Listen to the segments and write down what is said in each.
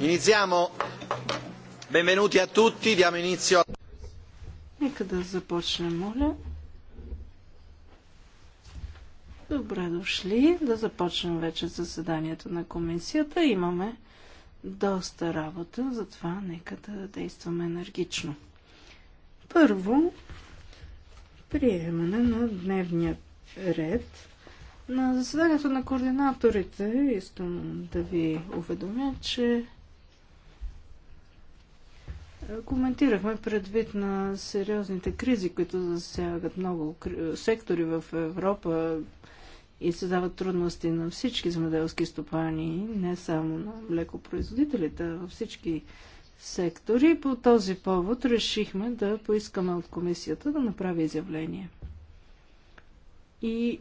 Iniziamo. Benvenuti a tutti, diamo inizio. Нека да започнем, моля. Добре дошли. Да започнем вече заседанието на комисията. Имаме доста работа, затова нека да действаме енергично. Първо, приемане на дневния ред. На заседанието на координаторите искам да ви уведомя, че Коментирахме предвид на сериозните кризи, които засягат много сектори в Европа и се дават трудности на всички земеделски стопани, не само на млекопроизводителите, а във всички сектори. По този повод решихме да поискаме от комисията да направи изявление. И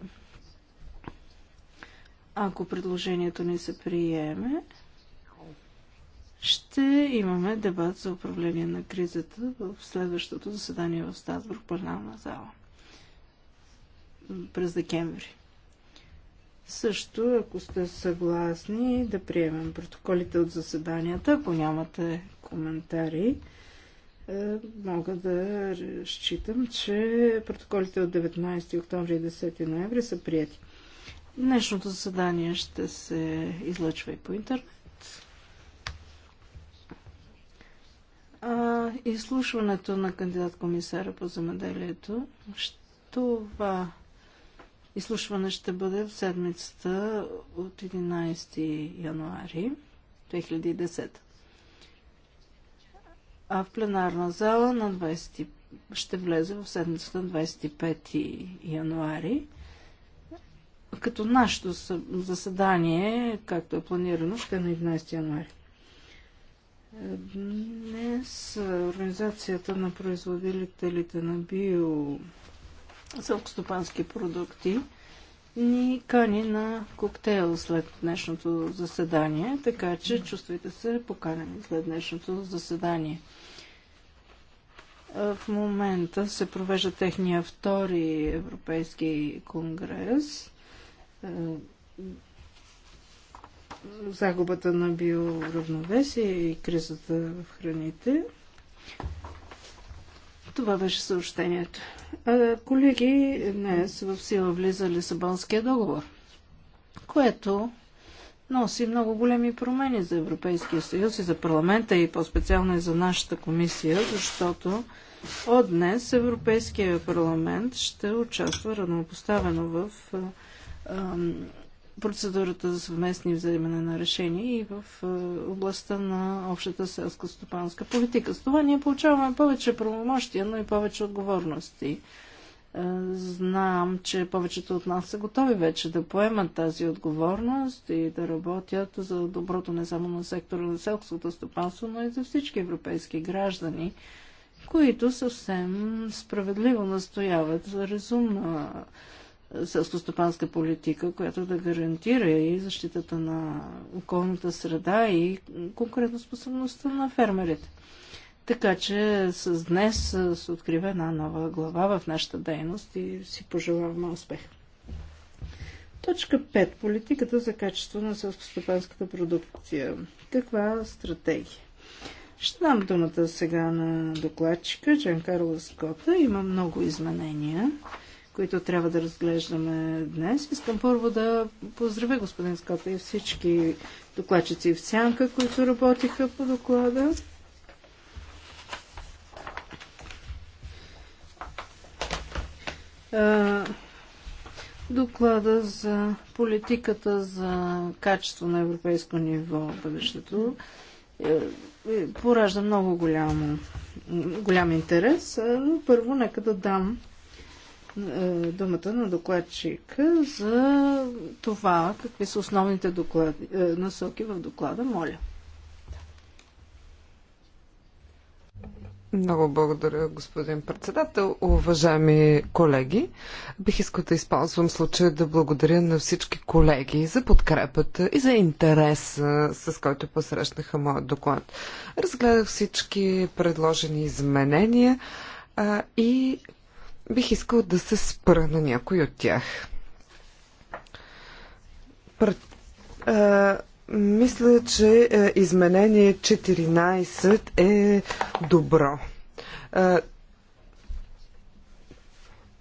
ако предложението ни се приеме, ще имаме дебат за управление на кризата в следващото заседание в Стасбург, пленарна зала през декември. Също, ако сте съгласни да приемем протоколите от заседанията, ако нямате коментари, е, мога да считам, че протоколите от 19 октомври и 10 ноември са прияти. Днешното заседание ще се излъчва и по интернет. А, изслушването на кандидат-комисара по земеделието, това изслушване ще бъде в седмицата от 11 януари 2010. А в пленарна зала на 20, ще влезе в седмицата на 25 януари като нашето заседание, както е планирано, ще е на 11 януари. Днес Организацията на производителите на био селкостопански продукти ни кани на коктейл след днешното заседание, така че чувствайте се поканени след днешното заседание. В момента се провежда техния втори Европейски конгрес загубата на биоравновесие и кризата в храните. Това беше съобщението. колеги, днес в сила влиза Лисабонския договор, което носи много големи промени за Европейския съюз и за парламента и по-специално и за нашата комисия, защото от днес Европейския парламент ще участва равнопоставено в процедурата за съвместни вземане на решения и в е, областта на общата селско-стопанска политика. С това ние получаваме повече правомощия, но и повече отговорности. Е, знам, че повечето от нас са готови вече да поемат тази отговорност и да работят за доброто не само на сектора на селското стопанство, но и за всички европейски граждани, които съвсем справедливо настояват за разумна селско-стопанска политика, която да гарантира и защитата на околната среда и конкурентоспособността на фермерите. Така че с днес се открива една нова глава в нашата дейност и си пожелаваме успех. Точка 5. Политиката за качество на селско-стопанската продукция. Каква стратегия? Ще дам думата сега на докладчика Джан Карлос Скота. Има много изменения които трябва да разглеждаме днес. Искам първо да поздравя господин Скопа и всички докладчици в сянка, които работиха по доклада. Доклада за политиката за качество на европейско ниво в бъдещето е, е, поражда много голям, голям интерес. Но първо нека да дам е, думата на докладчика за това, какви са основните доклади, е, насоки в доклада. Моля. Много благодаря, господин председател. Уважаеми колеги, бих искал да използвам случая да благодаря на всички колеги за подкрепата и за интереса, с който посрещнаха моят доклад. Разгледах всички предложени изменения и Бих искал да се спра на някой от тях. Пр... а, мисля, че а, е, изменение 14 е добро. А,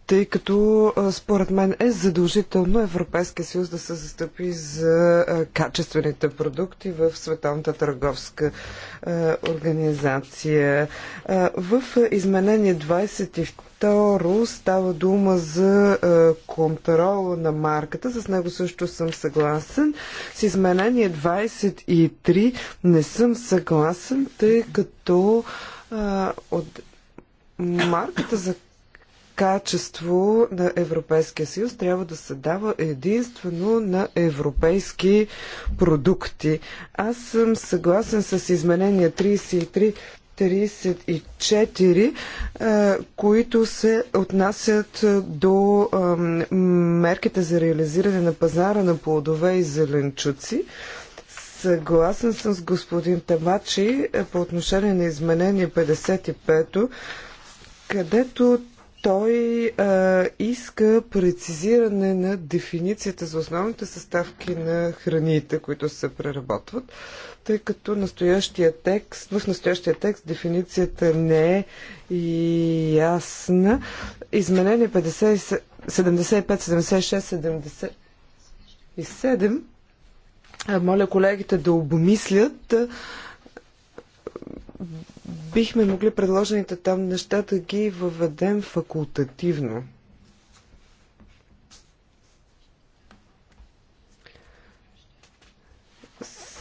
тъй като според мен е задължително Европейския съюз да се застъпи за качествените продукти в Световната търговска организация. В изменение 22 Второ, става дума за е, контрол на марката. С него също съм съгласен. С изменение 23 не съм съгласен, тъй като е, от марката за качество на Европейския съюз трябва да се дава единствено на европейски продукти. Аз съм съгласен с изменения 33 34, които се отнасят до мерките за реализиране на пазара на плодове и зеленчуци. Съгласен съм с господин Тамачи по отношение на изменение 55 където той а, иска прецизиране на дефиницията за основните съставки на храните, които се преработват, тъй като настоящия текст, в настоящия текст дефиницията не е ясна. Изменение 50, 75, 76, 77. Моля колегите да обмислят бихме могли предложените там неща да ги въведем факултативно.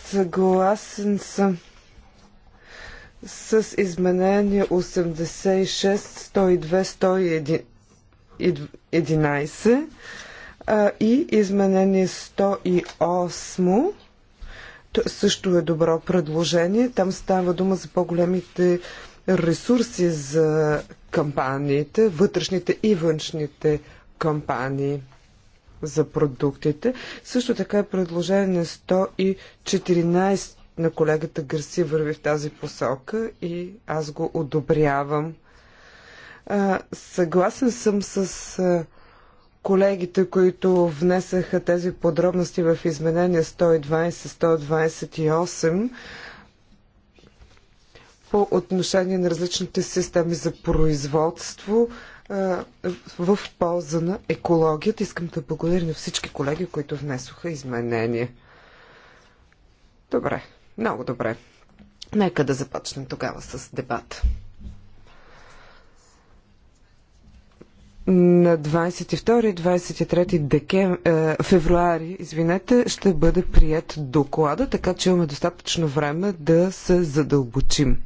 Съгласен съм с изменение 86, 102, 111 и изменение 108 също е добро предложение. Там става дума за по-големите ресурси за кампаниите, вътрешните и външните кампании за продуктите. Също така е предложение на 114 на колегата Гърси върви в тази посока и аз го одобрявам. А, съгласен съм с колегите, които внесаха тези подробности в изменение 120-128 по отношение на различните системи за производство в полза на екологията. Искам да благодаря на всички колеги, които внесоха изменения. Добре, много добре. Нека да започнем тогава с дебата. на 22 23 декем... Е, февруари извинете, ще бъде прият доклада, така че имаме достатъчно време да се задълбочим.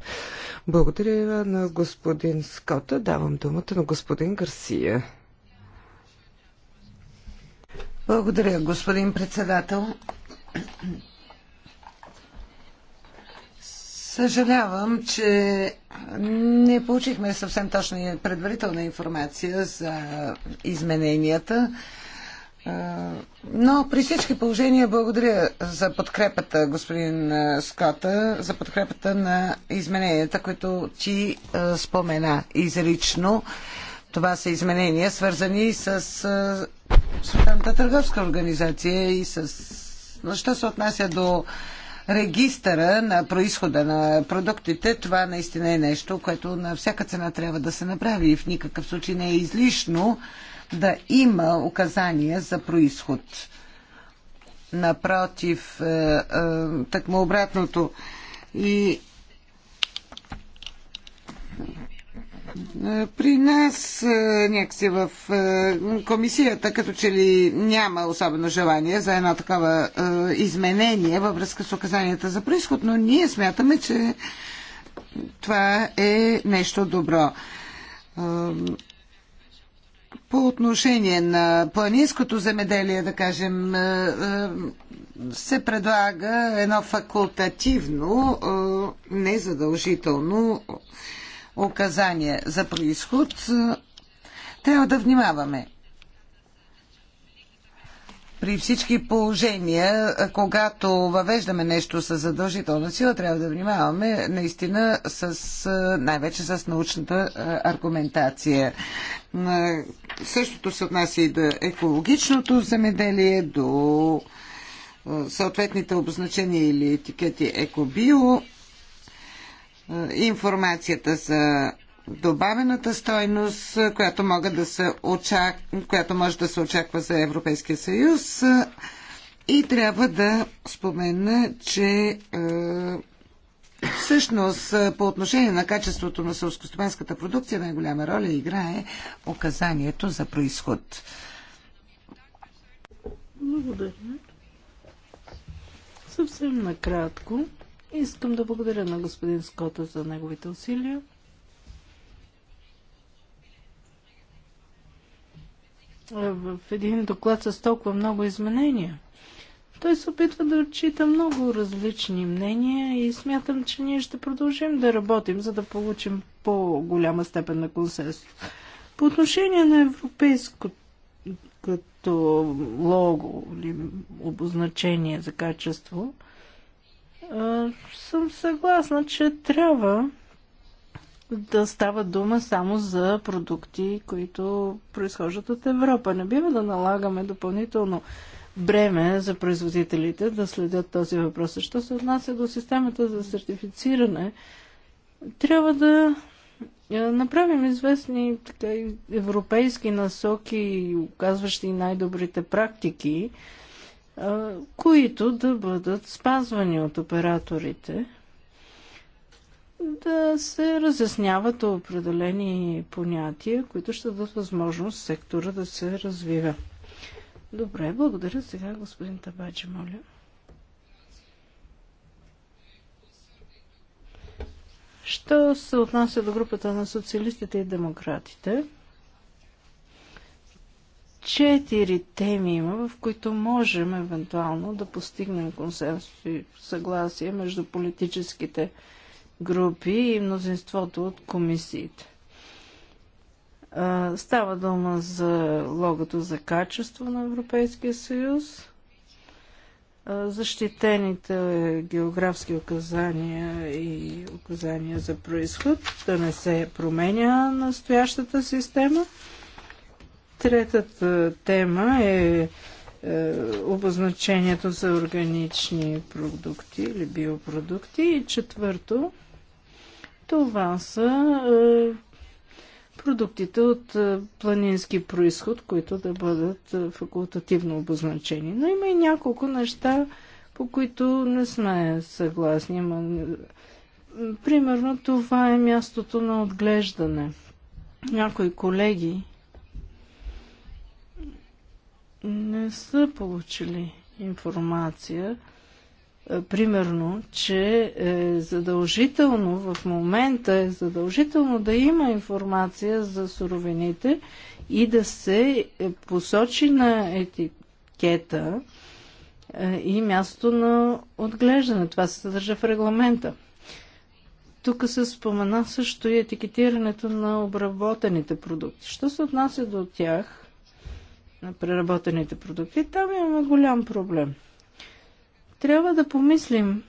Благодаря на господин Скота. Давам думата на господин Гарсия. Благодаря, господин председател. Съжалявам, че не получихме съвсем точна и предварителна информация за измененията. Но при всички положения благодаря за подкрепата, господин Скота, за подкрепата на измененията, които ти спомена изрично. Това са изменения, свързани с Световната търговска организация и с... Що се отнася до регистъра на происхода на продуктите, това наистина е нещо, което на всяка цена трябва да се направи и в никакъв случай не е излишно да има указания за происход. Напротив, е, е, му обратното. И при нас някакси в комисията като че ли няма особено желание за едно такова изменение във връзка с указанията за происход, но ние смятаме, че това е нещо добро. По отношение на планинското земеделие, да кажем, се предлага едно факултативно, незадължително указания за происход, е, трябва да внимаваме. При всички положения, е, когато въвеждаме нещо с задължителна сила, трябва да внимаваме наистина с, е, най-вече с научната аргументация. Същото се отнася и до екологичното земеделие, до съответните обозначения или етикети екобио информацията за добавената стойност, която, могат да се очак... която може да се очаква за Европейския съюз. И трябва да спомена, че е, всъщност по отношение на качеството на сълскостопанската продукция най-голяма роля играе указанието за происход. Благодаря. Съвсем накратко. Искам да благодаря на господин Скота за неговите усилия. В един доклад с толкова много изменения. Той се опитва да отчита много различни мнения и смятам, че ние ще продължим да работим, за да получим по-голяма степен на консенсус. По отношение на европейското като лого или обозначение за качество, съм съгласна, че трябва да става дума само за продукти, които произхождат от Европа. Не бива да налагаме допълнително бреме за производителите да следят този въпрос. Що се отнася до системата за сертифициране, трябва да е, направим известни така, европейски насоки, оказващи най-добрите практики които да бъдат спазвани от операторите, да се разясняват определени понятия, които ще дадат възможност сектора да се развива. Добре, благодаря. Сега господин Табаджи, моля. Що се отнася до групата на социалистите и демократите? четири теми има, в които можем евентуално да постигнем консенсус и съгласие между политическите групи и мнозинството от комисиите. Става дума за логото за качество на Европейския съюз, защитените географски указания и указания за происход, да не се променя настоящата система – Третата тема е, е обозначението за органични продукти или биопродукти. И четвърто, това са е, продуктите от е, планински происход, които да бъдат е, факултативно обозначени. Но има и няколко неща, по които не сме съгласни. Има... Примерно това е мястото на отглеждане. Някои колеги не са получили информация, е, примерно, че е задължително в момента е задължително да има информация за суровините и да се посочи на етикета е, и място на отглеждане. Това се съдържа в регламента. Тук се спомена също и етикетирането на обработените продукти. Що се отнася до тях, на преработените продукти, там имаме голям проблем. Трябва да помислим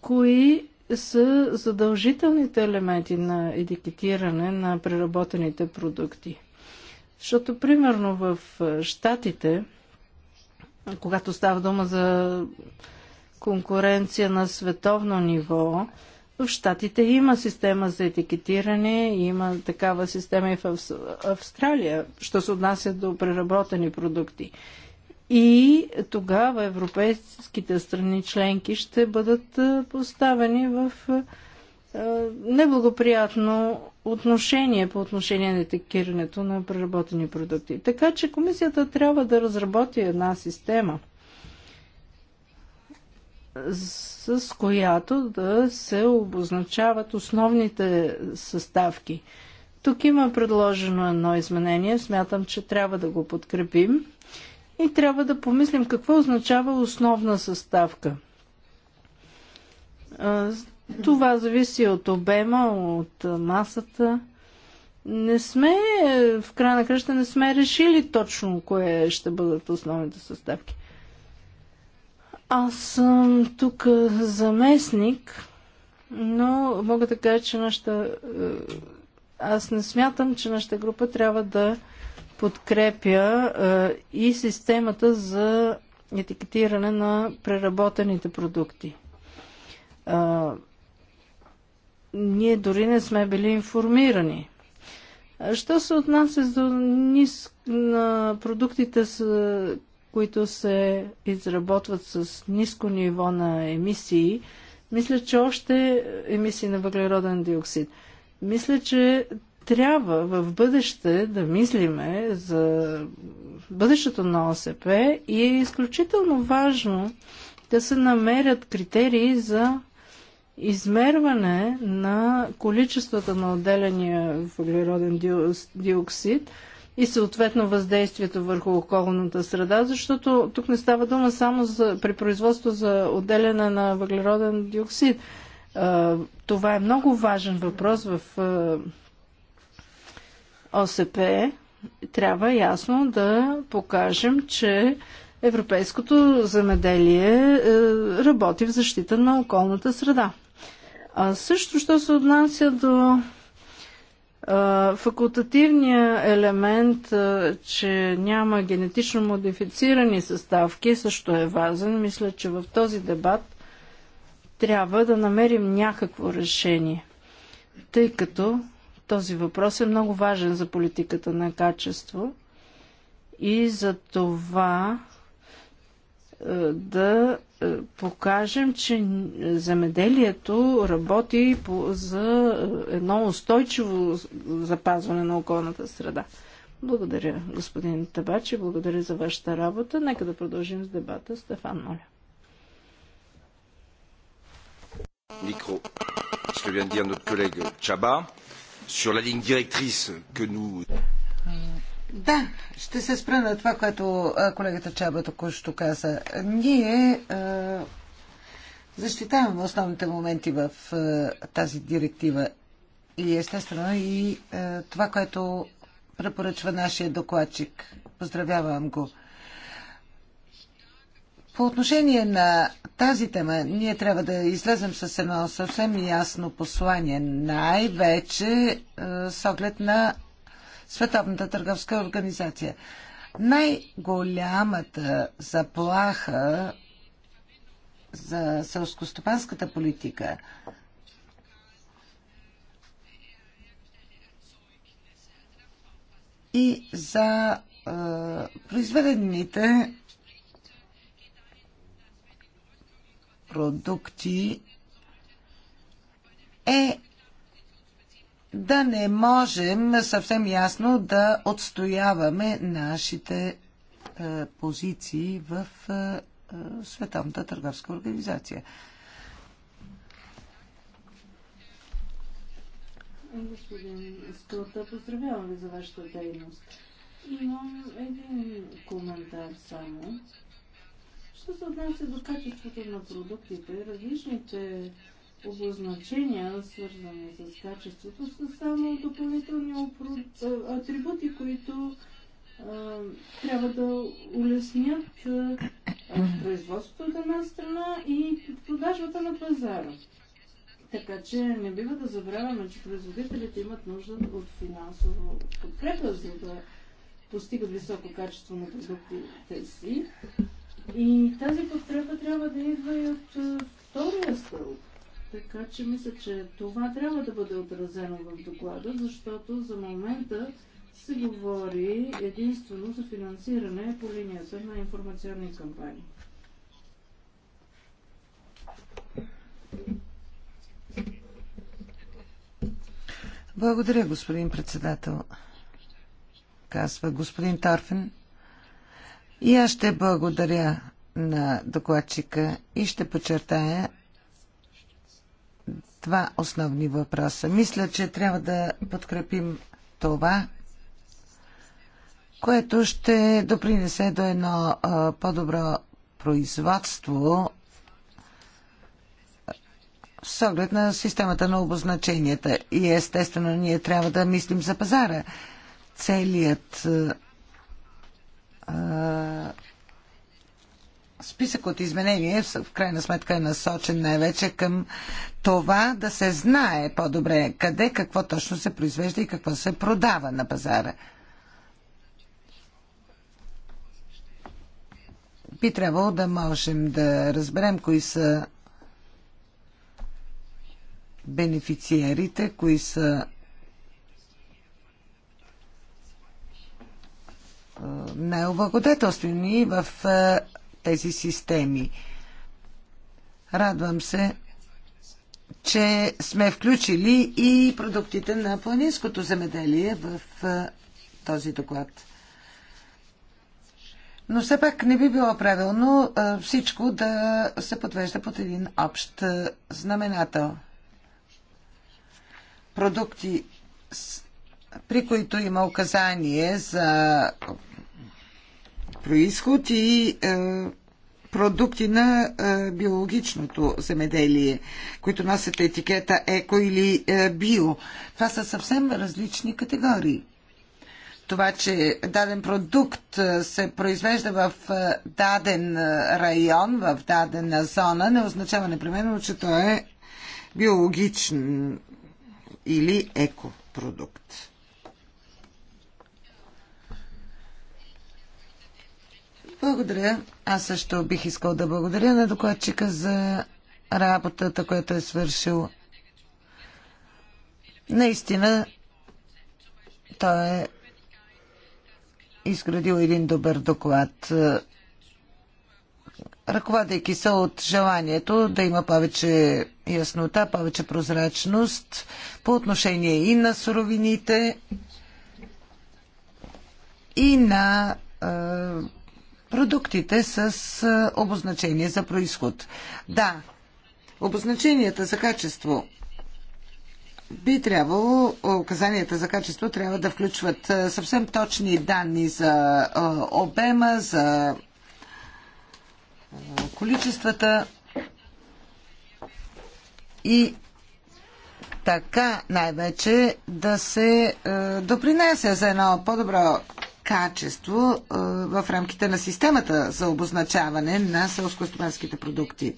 кои са задължителните елементи на етикетиране на преработените продукти. Защото, примерно, в Штатите, когато става дума за конкуренция на световно ниво, в Штатите има система за етикетиране, има такава система и в Австралия, що се отнася до преработени продукти. И тогава европейските страни членки ще бъдат поставени в неблагоприятно отношение по отношение на етикирането на преработени продукти. Така че комисията трябва да разработи една система, с която да се обозначават основните съставки. Тук има предложено едно изменение, смятам, че трябва да го подкрепим и трябва да помислим какво означава основна съставка. Това зависи от обема, от масата. Не сме, в края на кръща не сме решили точно кое ще бъдат основните съставки. Аз съм тук заместник, но мога да кажа, че нашата... Е, аз не смятам, че нашата група трябва да подкрепя е, и системата за етикетиране на преработените продукти. Е, ние дори не сме били информирани. Що се отнася до ниск на продуктите с които се изработват с ниско ниво на емисии, мисля, че още емисии на въглероден диоксид. Мисля, че трябва в бъдеще да мислиме за бъдещето на ОСП и е изключително важно да се намерят критерии за измерване на количествата на отделения въглероден диоксид и съответно въздействието върху околната среда, защото тук не става дума само за, при производство за отделяне на въглероден диоксид. Това е много важен въпрос в ОСП. Трябва ясно да покажем, че европейското замеделие работи в защита на околната среда. А също, що се отнася до Факултативният елемент, че няма генетично модифицирани съставки, също е важен. Мисля, че в този дебат трябва да намерим някакво решение, тъй като този въпрос е много важен за политиката на качество и за това да е, покажем, че земеделието работи за е, едно устойчиво запазване на околната среда. Благодаря, господин Табачи, благодаря за вашата работа. Нека да продължим с дебата. Стефан, моля. Микро. Ce que vient de dire notre collègue Chaba sur la ligne directrice que nous да, ще се спра на това, което колегата Чаба току-що каза. Ние е, защитаваме основните моменти в е, тази директива и естествено и е, това, което препоръчва нашия докладчик. Поздравявам го. По отношение на тази тема, ние трябва да излезем с едно съвсем ясно послание, най-вече е, с оглед на Световната търговска организация. Най-голямата заплаха за селскостопанската политика и за е, произведените продукти е да не можем съвсем ясно да отстояваме нашите е, позиции в е, е Световната търговска организация. Господин Скълта, поздравявам ви за вашата дейност. Имам един коментар само. Що се отнася до качеството на продуктите, различните обозначения, свързани с качеството, са само допълнителни атрибути, които а, трябва да улеснят производството от една страна и продажбата на пазара. Така че не бива да забравяме, че производителите имат нужда от финансово подкрепа, за да постигат високо качество на продуктите си. И тази подкрепа трябва да идва и от втория стълб така че мисля, че това трябва да бъде отразено в доклада, защото за момента се говори единствено за финансиране по линията на информационни кампании. Благодаря, господин председател, казва господин Торфен. И аз ще благодаря на докладчика и ще подчертая, два основни въпроса. Мисля, че трябва да подкрепим това, което ще допринесе до едно по-добро производство с оглед на системата на обозначенията. И естествено, ние трябва да мислим за пазара. Целият а, списък от изменения е в крайна сметка е насочен най-вече към това да се знае по-добре къде какво точно се произвежда и какво се продава на пазара. Би трябвало да можем да разберем кои са бенефициерите, кои са е, най-облагодетелствени в е, тези системи. Радвам се, че сме включили и продуктите на планинското земеделие в този доклад. Но все пак не би било правилно всичко да се подвежда под един общ знаменател. Продукти, при които има указание за происход и продукти на биологичното земеделие, които носят етикета еко или био. Това са съвсем различни категории. Това, че даден продукт се произвежда в даден район, в дадена зона, не означава непременно, че той е биологичен или екопродукт. Благодаря. Аз също бих искал да благодаря на докладчика за работата, която е свършил. Наистина, той е изградил един добър доклад, ръководейки се от желанието да има повече яснота, повече прозрачност по отношение и на суровините, и на продуктите с обозначение за происход. Да, обозначенията за качество би трябвало, указанията за качество трябва да включват съвсем точни данни за обема, за количествата и така най-вече да се допринася за едно по-добро качество в рамките на системата за обозначаване на селскостопанските продукти.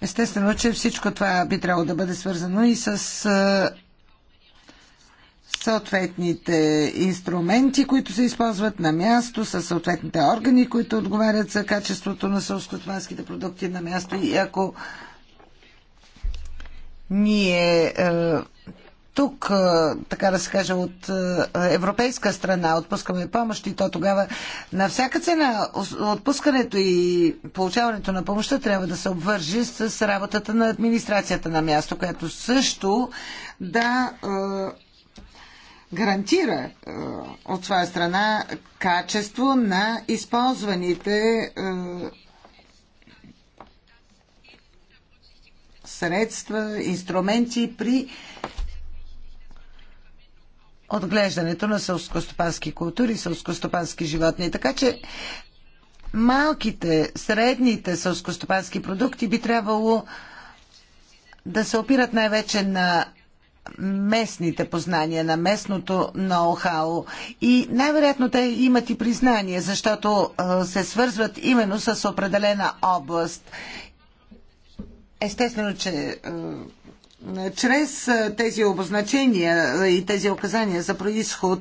Естествено, че всичко това би трябвало да бъде свързано и с съответните инструменти, които се използват на място, с съответните органи, които отговарят за качеството на селскостопанските продукти на място. И ако ние е, тук, така да се каже, от европейска страна отпускаме помощи, то тогава на всяка цена отпускането и получаването на помощта трябва да се обвържи с работата на администрацията на място, която също да гарантира от своя страна качество на използваните средства, инструменти при отглеждането на селскостопански култури, селскостопански животни. Така че малките, средните селскостопански продукти би трябвало да се опират най-вече на местните познания, на местното ноу-хау. И най-вероятно те имат и признание, защото се свързват именно с определена област. Естествено, че чрез тези обозначения и тези указания за происход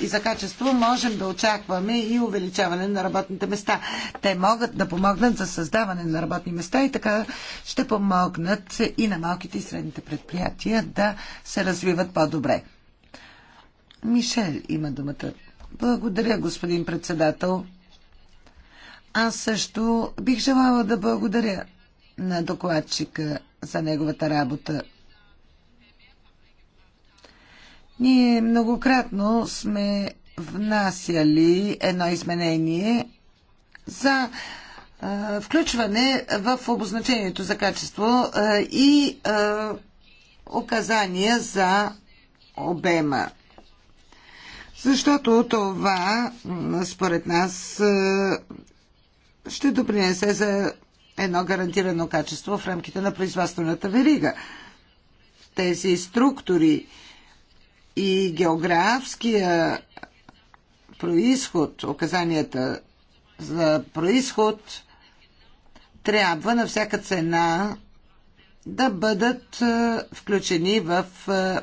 и за качество можем да очакваме и увеличаване на работните места. Те могат да помогнат за създаване на работни места и така ще помогнат и на малките и средните предприятия да се развиват по-добре. Мишел има думата. Благодаря, господин председател. Аз също бих желала да благодаря на докладчика за неговата работа. Ние многократно сме внасяли едно изменение за а, включване в обозначението за качество а, и а, указания за обема. Защото това, според нас, ще допринесе за едно гарантирано качество в рамките на производствената верига. Тези структури, и географския происход, указанията за происход, трябва на всяка цена да бъдат е, включени в е,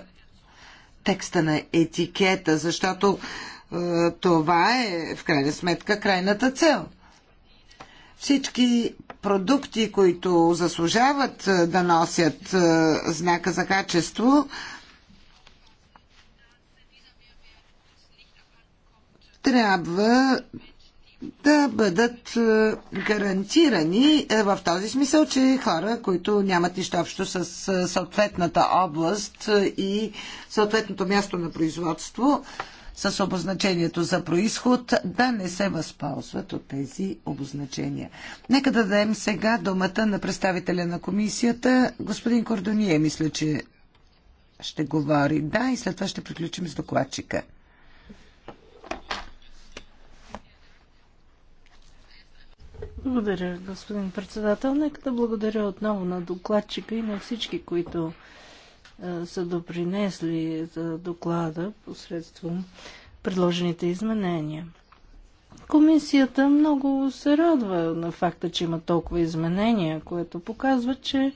текста на етикета, защото е, това е в крайна сметка крайната цел. Всички продукти, които заслужават да носят знака за качество, трябва да бъдат е, гарантирани е, в този смисъл, че хора, които нямат нищо общо с е, съответната област и съответното място на производство, с обозначението за происход, да не се възползват от тези обозначения. Нека да дадем сега думата на представителя на комисията. Господин Кордоние, мисля, че ще говори. Да, и след това ще приключим с докладчика. Благодаря, господин председател. Нека да благодаря отново на докладчика и на всички, които е, са допринесли за доклада посредством предложените изменения. Комисията много се радва на факта, че има толкова изменения, което показва, че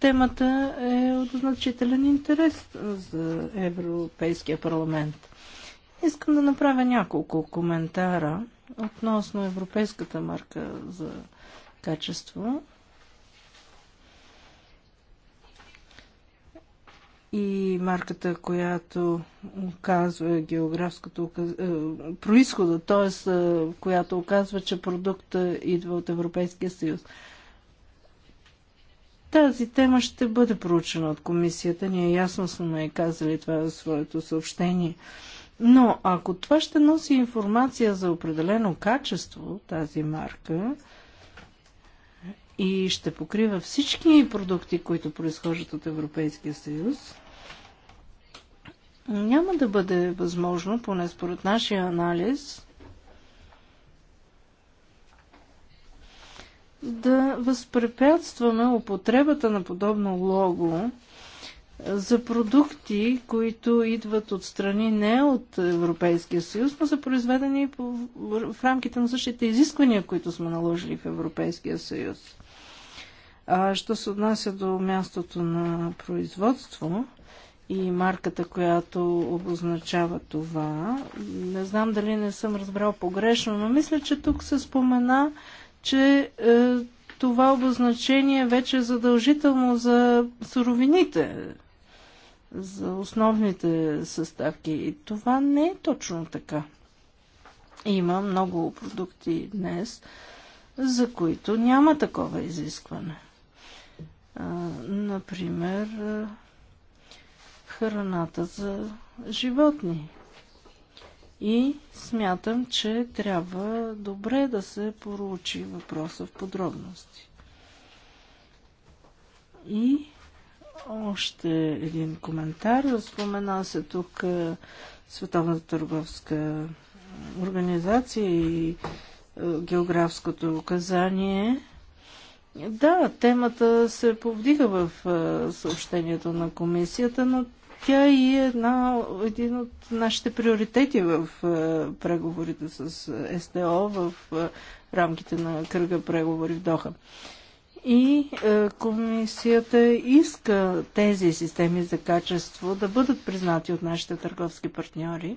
темата е от значителен интерес за Европейския парламент. Искам да направя няколко коментара относно европейската марка за качество. и марката, която оказва географското е, происхода, т.е. Е, която оказва, че продукта идва от Европейския съюз. Тази тема ще бъде проучена от комисията. Ние ясно сме казали това в своето съобщение. Но ако това ще носи информация за определено качество, тази марка, и ще покрива всички продукти, които произхождат от Европейския съюз, няма да бъде възможно, поне според нашия анализ, да възпрепятстваме употребата на подобно лого за продукти, които идват от страни не от Европейския съюз, но са произведени в рамките на същите изисквания, които сме наложили в Европейския съюз. А що се отнася до мястото на производство и марката, която обозначава това, не знам дали не съм разбрал погрешно, но мисля, че тук се спомена, че е, това обозначение вече е задължително за суровините, за основните съставки. И това не е точно така. Има много продукти днес, за които няма такова изискване. А, например, храната за животни. И смятам, че трябва добре да се поручи въпроса в подробности. И още един коментар. Спомена се тук е, Световната търговска организация и е, географското указание. Да, темата се повдига в е, съобщението на комисията, но тя и е една, един от нашите приоритети в преговорите с СТО в рамките на кръга преговори в Доха и е, комисията иска тези системи за качество да бъдат признати от нашите търговски партньори.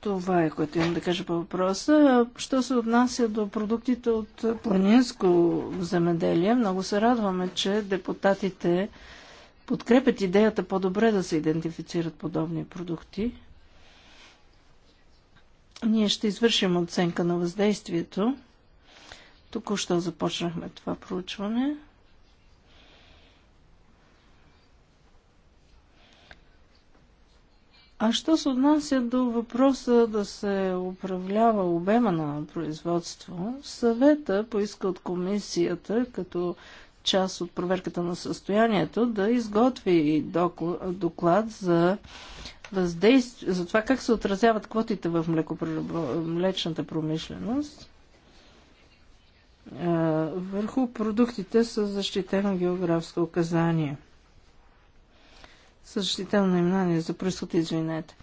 Това е което имам да кажа по въпроса. Що се отнася до продуктите от планинско земеделие, много се радваме, че депутатите подкрепят идеята по-добре да се идентифицират подобни продукти. Ние ще извършим оценка на въздействието. Току-що започнахме това проучване. А що се отнася до въпроса да се управлява обема на производство, съвета поиска от комисията като част от проверката на състоянието, да изготви доклад за въздействие, за това как се отразяват квотите в млечната промишленост върху продуктите с защитено географско указание. С наименание за происход, извинете.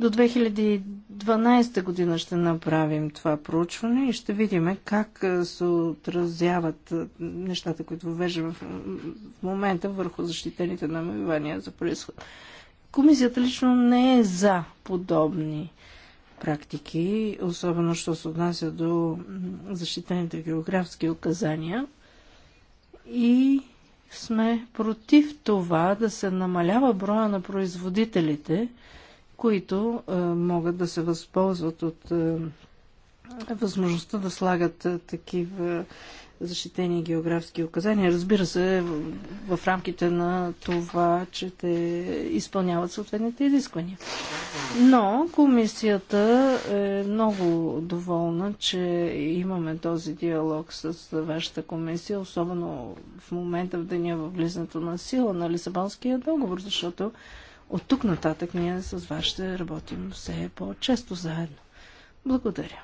До 2012 година ще направим това проучване и ще видим как се отразяват нещата, които въвеждаме в момента върху защитените намивания за происход. Комисията лично не е за подобни практики, особено що се отнася до защитените географски указания. И сме против това да се намалява броя на производителите, които а, могат да се възползват от а, възможността да слагат а, такива защитени географски указания. Разбира се, в, в рамките на това, че те изпълняват съответните изисквания. Но комисията е много доволна, че имаме този диалог с вашата комисия, особено в момента в деня във влизането на сила на Лисабонския договор, защото от тук нататък ние с вас ще работим все по-често заедно. Благодаря.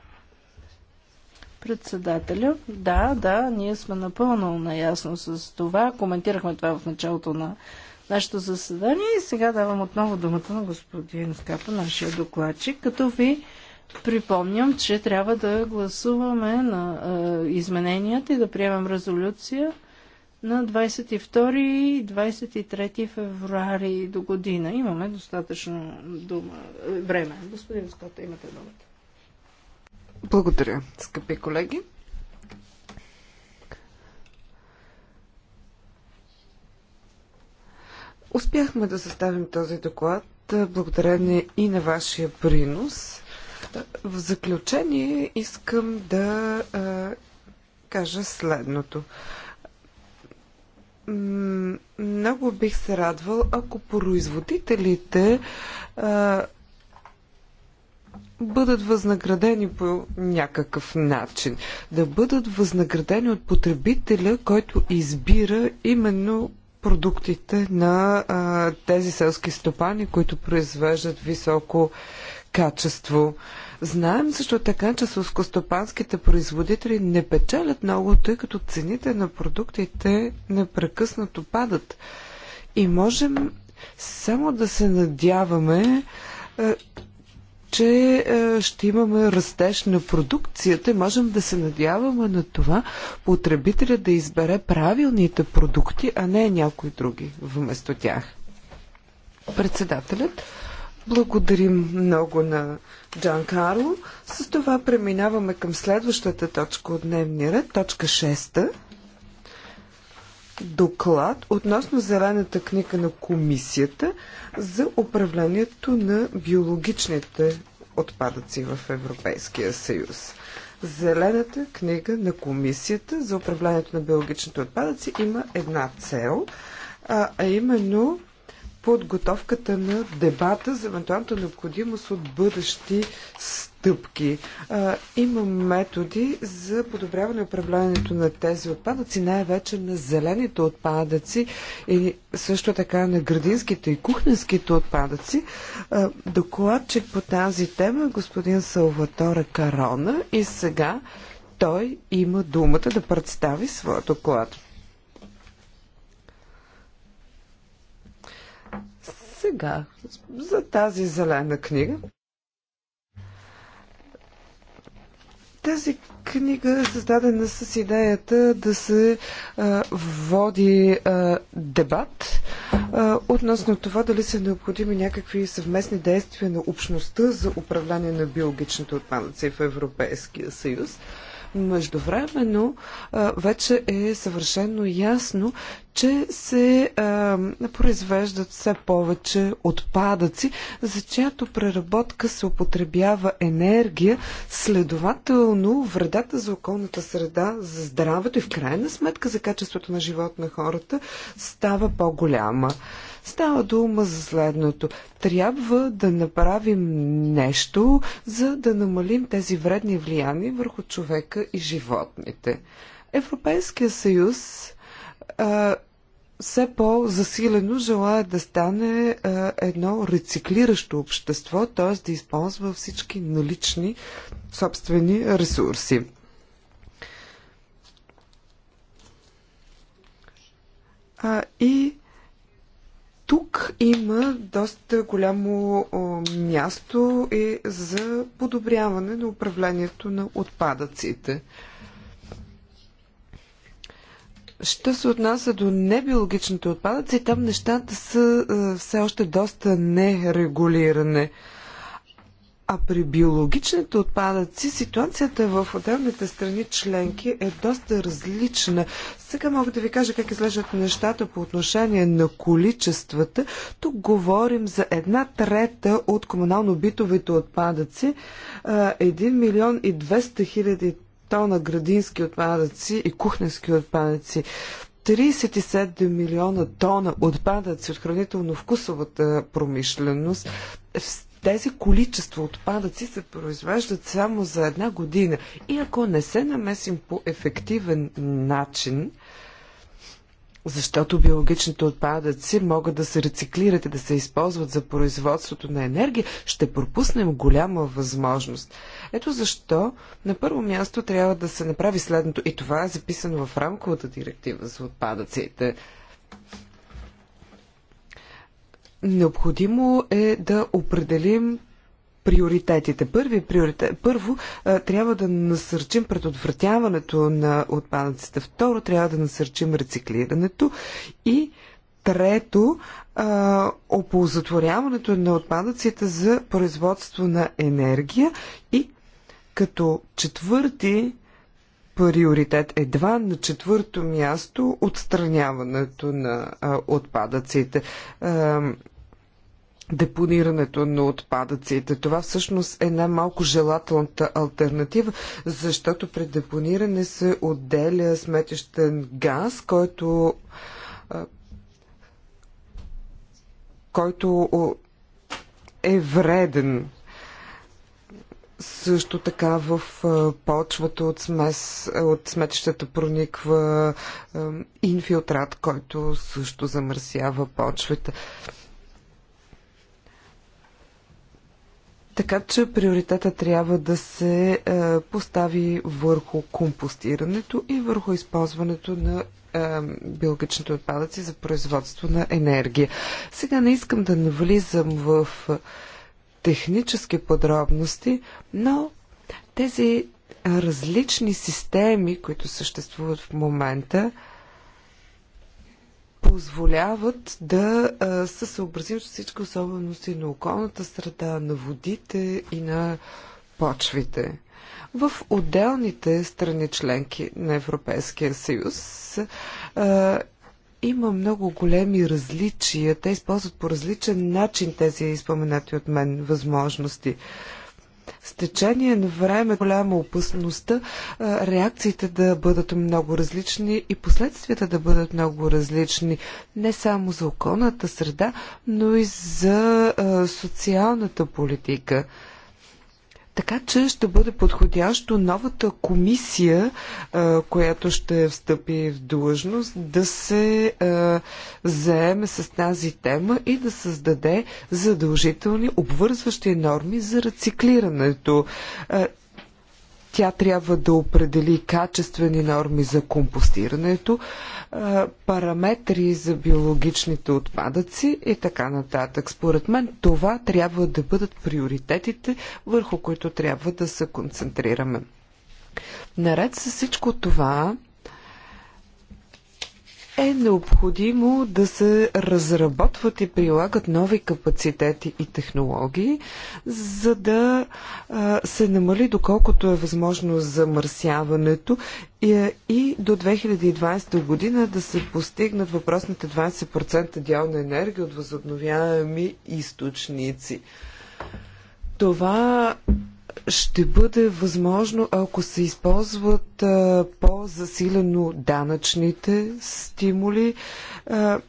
Председателя, да, да, ние сме напълно наясно с това. Коментирахме това в началото на нашето заседание и сега давам отново думата на господин Скапа, нашия докладчик, като ви припомням, че трябва да гласуваме на е, измененията и да приемем резолюция на 22 и 23 февруари до година. Имаме достатъчно дума, е, време. Господин Скотта, имате думата. Благодаря, скъпи колеги. Успяхме да съставим този доклад е, благодарение и на вашия принос. В заключение искам да а, е, кажа следното. Много бих се радвал, ако производителите а, бъдат възнаградени по някакъв начин. Да бъдат възнаградени от потребителя, който избира именно продуктите на а, тези селски стопани, които произвеждат високо качество. А, Знаем също така, че сълскостопанските производители не печелят много, тъй като цените на продуктите непрекъснато падат. И можем само да се надяваме, е, че е, ще имаме растеж на продукцията. Можем да се надяваме на това потребителя да избере правилните продукти, а не някои други вместо тях. Председателят Благодарим много на Джан Карло. С това преминаваме към следващата точка от дневния ред, точка 6. Доклад относно зелената книга на комисията за управлението на биологичните отпадъци в Европейския съюз. Зелената книга на комисията за управлението на биологичните отпадъци има една цел, а именно подготовката на дебата за евентуалната необходимост от бъдещи стъпки. А, има методи за подобряване управлението на тези отпадъци, най-вече на зелените отпадъци и също така на градинските и кухненските отпадъци. А, докладчик по тази тема е господин Салватора Карона и сега той има думата да представи своя доклад. Сега, за тази зелена книга. Тази книга е създадена с идеята да се а, води а, дебат а, относно това дали са необходими някакви съвместни действия на общността за управление на биологичните отпадъци в Европейския съюз. А, Междувременно вече е съвършено ясно, че се а, произвеждат все повече отпадъци, за чиято преработка се употребява енергия. Следователно, вредата за околната среда, за здравето и в крайна сметка за качеството на живот на хората става по-голяма. Става дума за следното. Трябва да направим нещо, за да намалим тези вредни влияния върху човека и животните. Европейския съюз а, все по-засилено желая да стане а, едно рециклиращо общество, т.е. да използва всички налични собствени ресурси. А, и тук има доста голямо място и за подобряване на управлението на отпадъците. Що се отнася до небиологичните отпадъци, там нещата са все още доста нерегулиране. А при биологичните отпадъци ситуацията в отделните страни членки е доста различна. Сега мога да ви кажа как изглеждат нещата по отношение на количествата. Тук говорим за една трета от комунално-битовите отпадъци. 1 милион и 200 хиляди тона градински отпадъци и кухненски отпадъци. 37 милиона тона отпадъци от хранително-вкусовата промишленост тези количества отпадъци се произвеждат само за една година. И ако не се намесим по ефективен начин, защото биологичните отпадъци могат да се рециклират и да се използват за производството на енергия, ще пропуснем голяма възможност. Ето защо на първо място трябва да се направи следното, и това е записано в рамковата директива за отпадъците. Необходимо е да определим приоритетите. Първи приоритет, първо трябва да насърчим предотвратяването на отпадъците. Второ трябва да насърчим рециклирането и трето оползотворяването на отпадъците за производство на енергия и като четвърти приоритет едва на четвърто място отстраняването на а, отпадъците. А, депонирането на отпадъците. Това всъщност е най-малко желателната альтернатива, защото при депониране се отделя сметещен газ, който, който е вреден също така в почвата от, смес, от сметищата прониква инфилтрат, който също замърсява почвата. Така че приоритета трябва да се е, постави върху компостирането и върху използването на е, биологичните отпадъци за производство на енергия. Сега не искам да навлизам в е, технически подробности, но тези различни системи, които съществуват в момента, позволяват да се съобразим с всички особености на околната среда, на водите и на почвите. В отделните страни членки на Европейския съюз има много големи различия. Те използват по различен начин тези изпоменати от мен възможности. С течение на време голяма опасността реакциите да бъдат много различни и последствията да бъдат много различни. Не само за околната среда, но и за социалната политика. Така че ще бъде подходящо новата комисия, която ще встъпи в длъжност, да се заеме с тази тема и да създаде задължителни обвързващи норми за рециклирането. Тя трябва да определи качествени норми за компостирането, параметри за биологичните отпадъци и така нататък. Според мен това трябва да бъдат приоритетите, върху които трябва да се концентрираме. Наред с всичко това, е необходимо да се разработват и прилагат нови капацитети и технологии, за да се намали доколкото е възможно замърсяването и, и до 2020 година да се постигнат въпросните 20% дял на енергия от възобновяеми източници. Това ще бъде възможно, ако се използват по-засилено данъчните стимули а,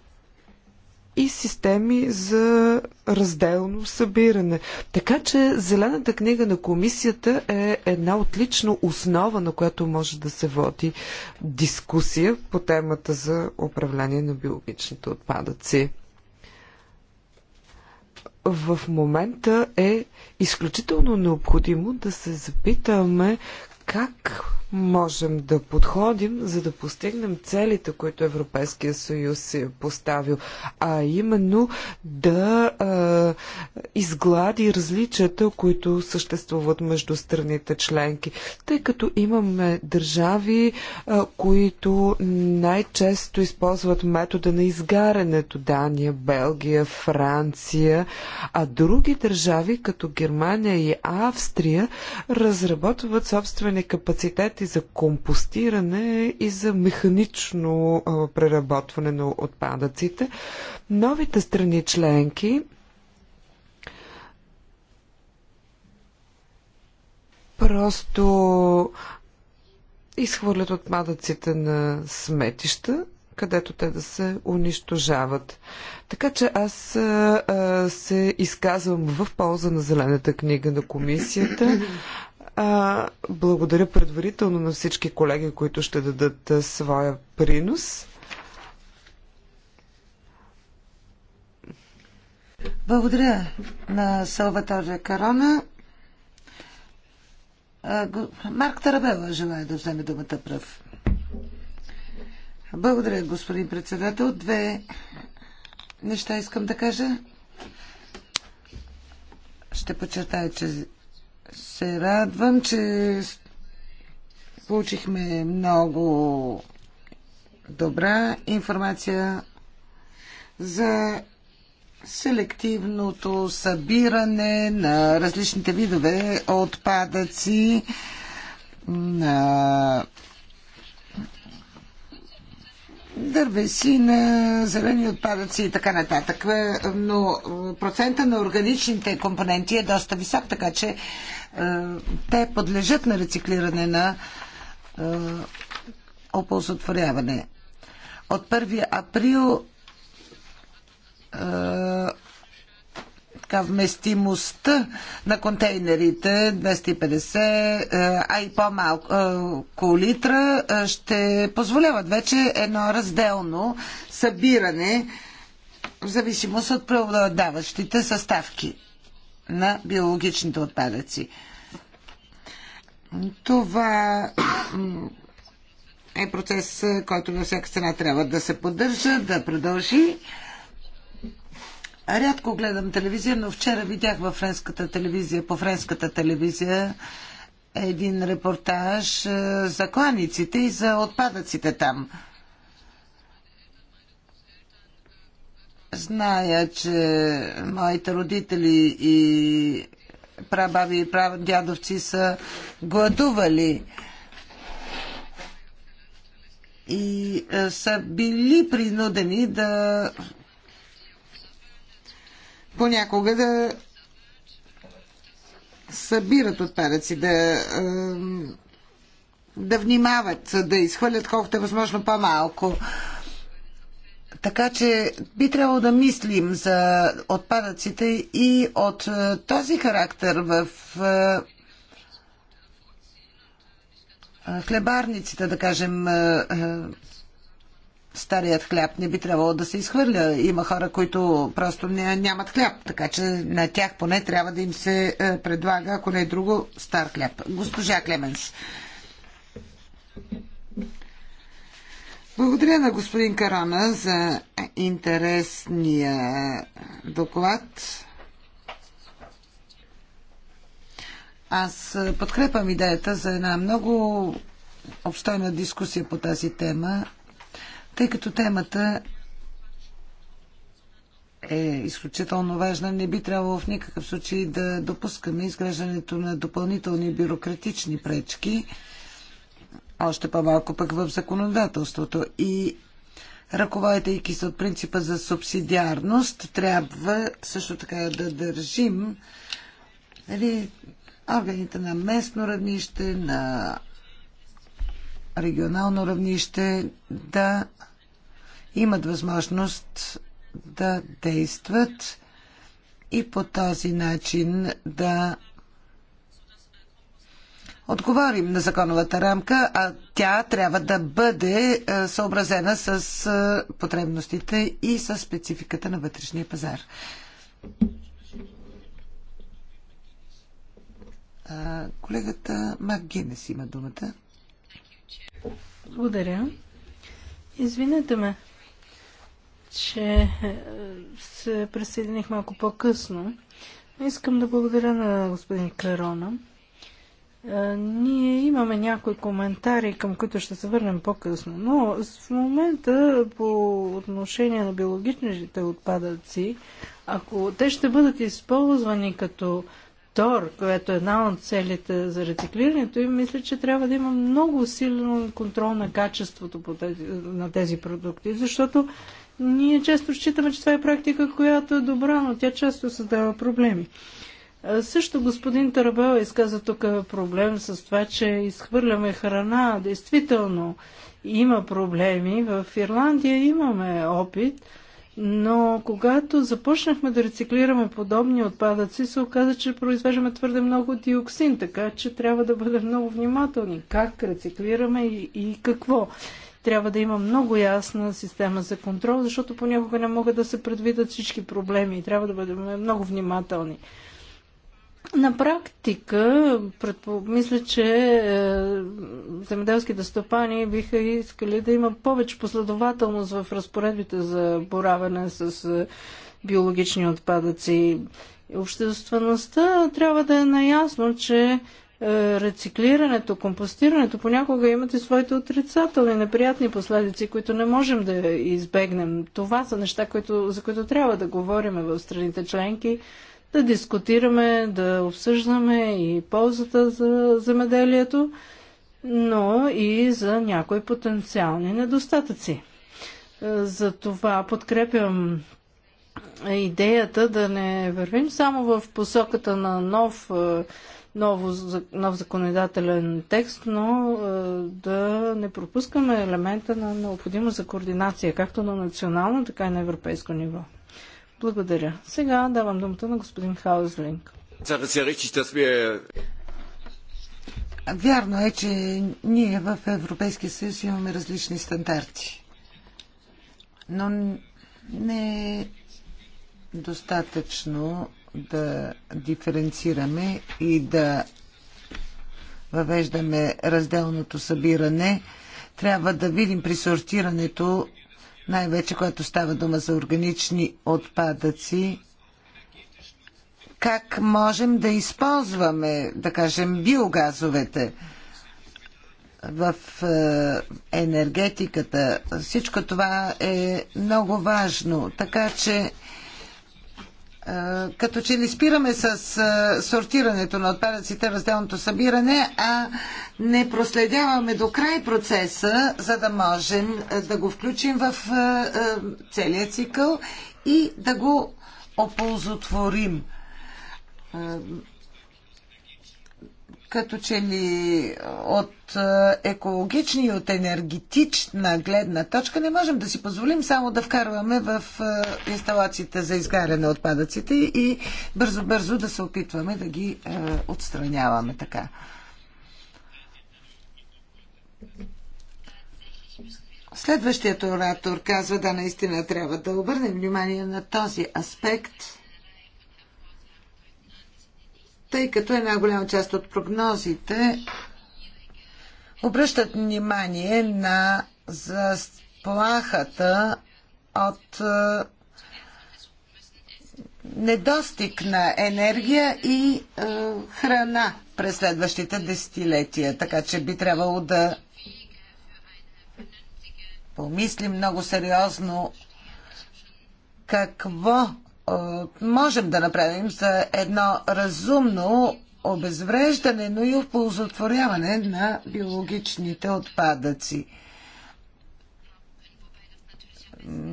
и системи за разделно събиране. Така че Зелената книга на комисията е една отлична основа, на която може да се води дискусия по темата за управление на биологичните отпадъци в момента е изключително необходимо да се запитаме как можем да подходим, за да постигнем целите, които Европейския съюз е поставил, а именно да а, изглади различията, които съществуват между страните членки, тъй като имаме държави, а, които най-често използват метода на изгарянето Дания, Белгия, Франция, а други държави, като Германия и Австрия, разработват собствени собствени капацитети за компостиране и за механично преработване на отпадъците. Новите страни членки просто изхвърлят отпадъците на сметища, където те да се унищожават. Така че аз а, се изказвам в полза на Зелената книга на комисията. А, благодаря предварително на всички колеги, които ще дадат а, своя принос. Благодаря на Салватория Карона. Марк Тарабела желая да вземе думата пръв. Благодаря, господин председател. Две неща искам да кажа. Ще подчертая, че се радвам, че получихме много добра информация за селективното събиране на различните видове отпадъци, на дървесина, зелени отпадъци и така нататък. Е, но процента на органичните компоненти е доста висок, така че е, те подлежат на рециклиране на е, оползотворяване. От 1 април така, вместимостта на контейнерите 250, а и по-малко литра ще позволяват вече едно разделно събиране в зависимост от преобладаващите съставки на биологичните отпадъци. Това е процес, който на всяка цена трябва да се поддържа, да продължи. Рядко гледам телевизия, но вчера видях във френската телевизия, по френската телевизия един репортаж е, за кланиците и за отпадъците там. Зная, че моите родители и прабаби и прадядовци са гладували и е, са били принудени да понякога да събират отпадъци, да, да внимават, да изхвърлят колкото е възможно по-малко. Така че би трябвало да мислим за отпадъците и от този характер в хлебарниците, да кажем, старият хляб не би трябвало да се изхвърля. Има хора, които просто не, нямат хляб, така че на тях поне трябва да им се е, предлага, ако не е друго, стар хляб. Госпожа Клеменс. Благодаря на господин Карана за интересния доклад. Аз подкрепам идеята за една много обстойна дискусия по тази тема тъй като темата е изключително важна, не би трябвало в никакъв случай да допускаме изграждането на допълнителни бюрократични пречки, още по-малко пък в законодателството. И ръководейки се от принципа за субсидиарност, трябва също така да държим нали, органите на местно равнище, на регионално равнище да имат възможност да действат и по този начин да отговорим на законовата рамка, а тя трябва да бъде е, съобразена с е, потребностите и с спецификата на вътрешния пазар. Колегата Макгинес има думата. Благодаря. Извинете ме че е, се присъединих малко по-късно. Искам да благодаря на господин Карона. Е, ние имаме някои коментари, към които ще се върнем по-късно, но в момента по отношение на биологичните отпадъци, ако те ще бъдат използвани като тор, което е една от целите за рециклирането и мисля, че трябва да има много силен контрол на качеството на тези продукти, защото ние често считаме, че това е практика, която е добра, но тя често създава проблеми. Също господин Тарабел изказа тук проблем с това, че изхвърляме храна. Действително има проблеми. В Ирландия имаме опит, но когато започнахме да рециклираме подобни отпадъци, се оказа, че произвеждаме твърде много диоксин, така че трябва да бъдем много внимателни как рециклираме и, и какво. Трябва да има много ясна система за контрол, защото понякога не могат да се предвидят всички проблеми и трябва да бъдем много внимателни. На практика, предпо... мисля, че е, земеделските стопани биха искали да има повече последователност в разпоредбите за боравене с е, биологични отпадъци. Обществеността трябва да е наясно, че е, рециклирането, компостирането понякога имат и своите отрицателни, неприятни последици, които не можем да избегнем. Това са неща, които, за които трябва да говорим в страните членки, да дискутираме, да обсъждаме и ползата за земеделието, но и за някои потенциални недостатъци. Е, за това подкрепям идеята да не вървим само в посоката на нов е, ново, нов законодателен текст, но е, да не пропускаме елемента на необходимост за координация, както на национално, така и на европейско ниво. Благодаря. Сега давам думата на господин Хаузлинг. Вярно е, че ние в Европейския съюз имаме различни стандарти. Но не е достатъчно да диференцираме и да въвеждаме разделното събиране. Трябва да видим при сортирането, най-вече когато става дума за органични отпадъци, как можем да използваме, да кажем, биогазовете в е, енергетиката. Всичко това е много важно. Така че е, като че ли спираме с е, сортирането на отпадъците, разделното събиране, а не проследяваме до край процеса, за да можем е, да го включим в целия цикъл и да го оползотворим като че ли от екологична и от енергетична гледна точка не можем да си позволим само да вкарваме в инсталациите за изгаряне отпадъците и бързо-бързо да се опитваме да ги отстраняваме така. Следващият оратор казва, да, наистина трябва да обърнем внимание на този аспект – тъй като една голяма част от прогнозите обръщат внимание на заплахата от е, недостиг на енергия и е, храна през следващите десетилетия. Така че би трябвало да помислим много сериозно какво можем да направим за едно разумно обезвреждане, но и оползотворяване на биологичните отпадъци.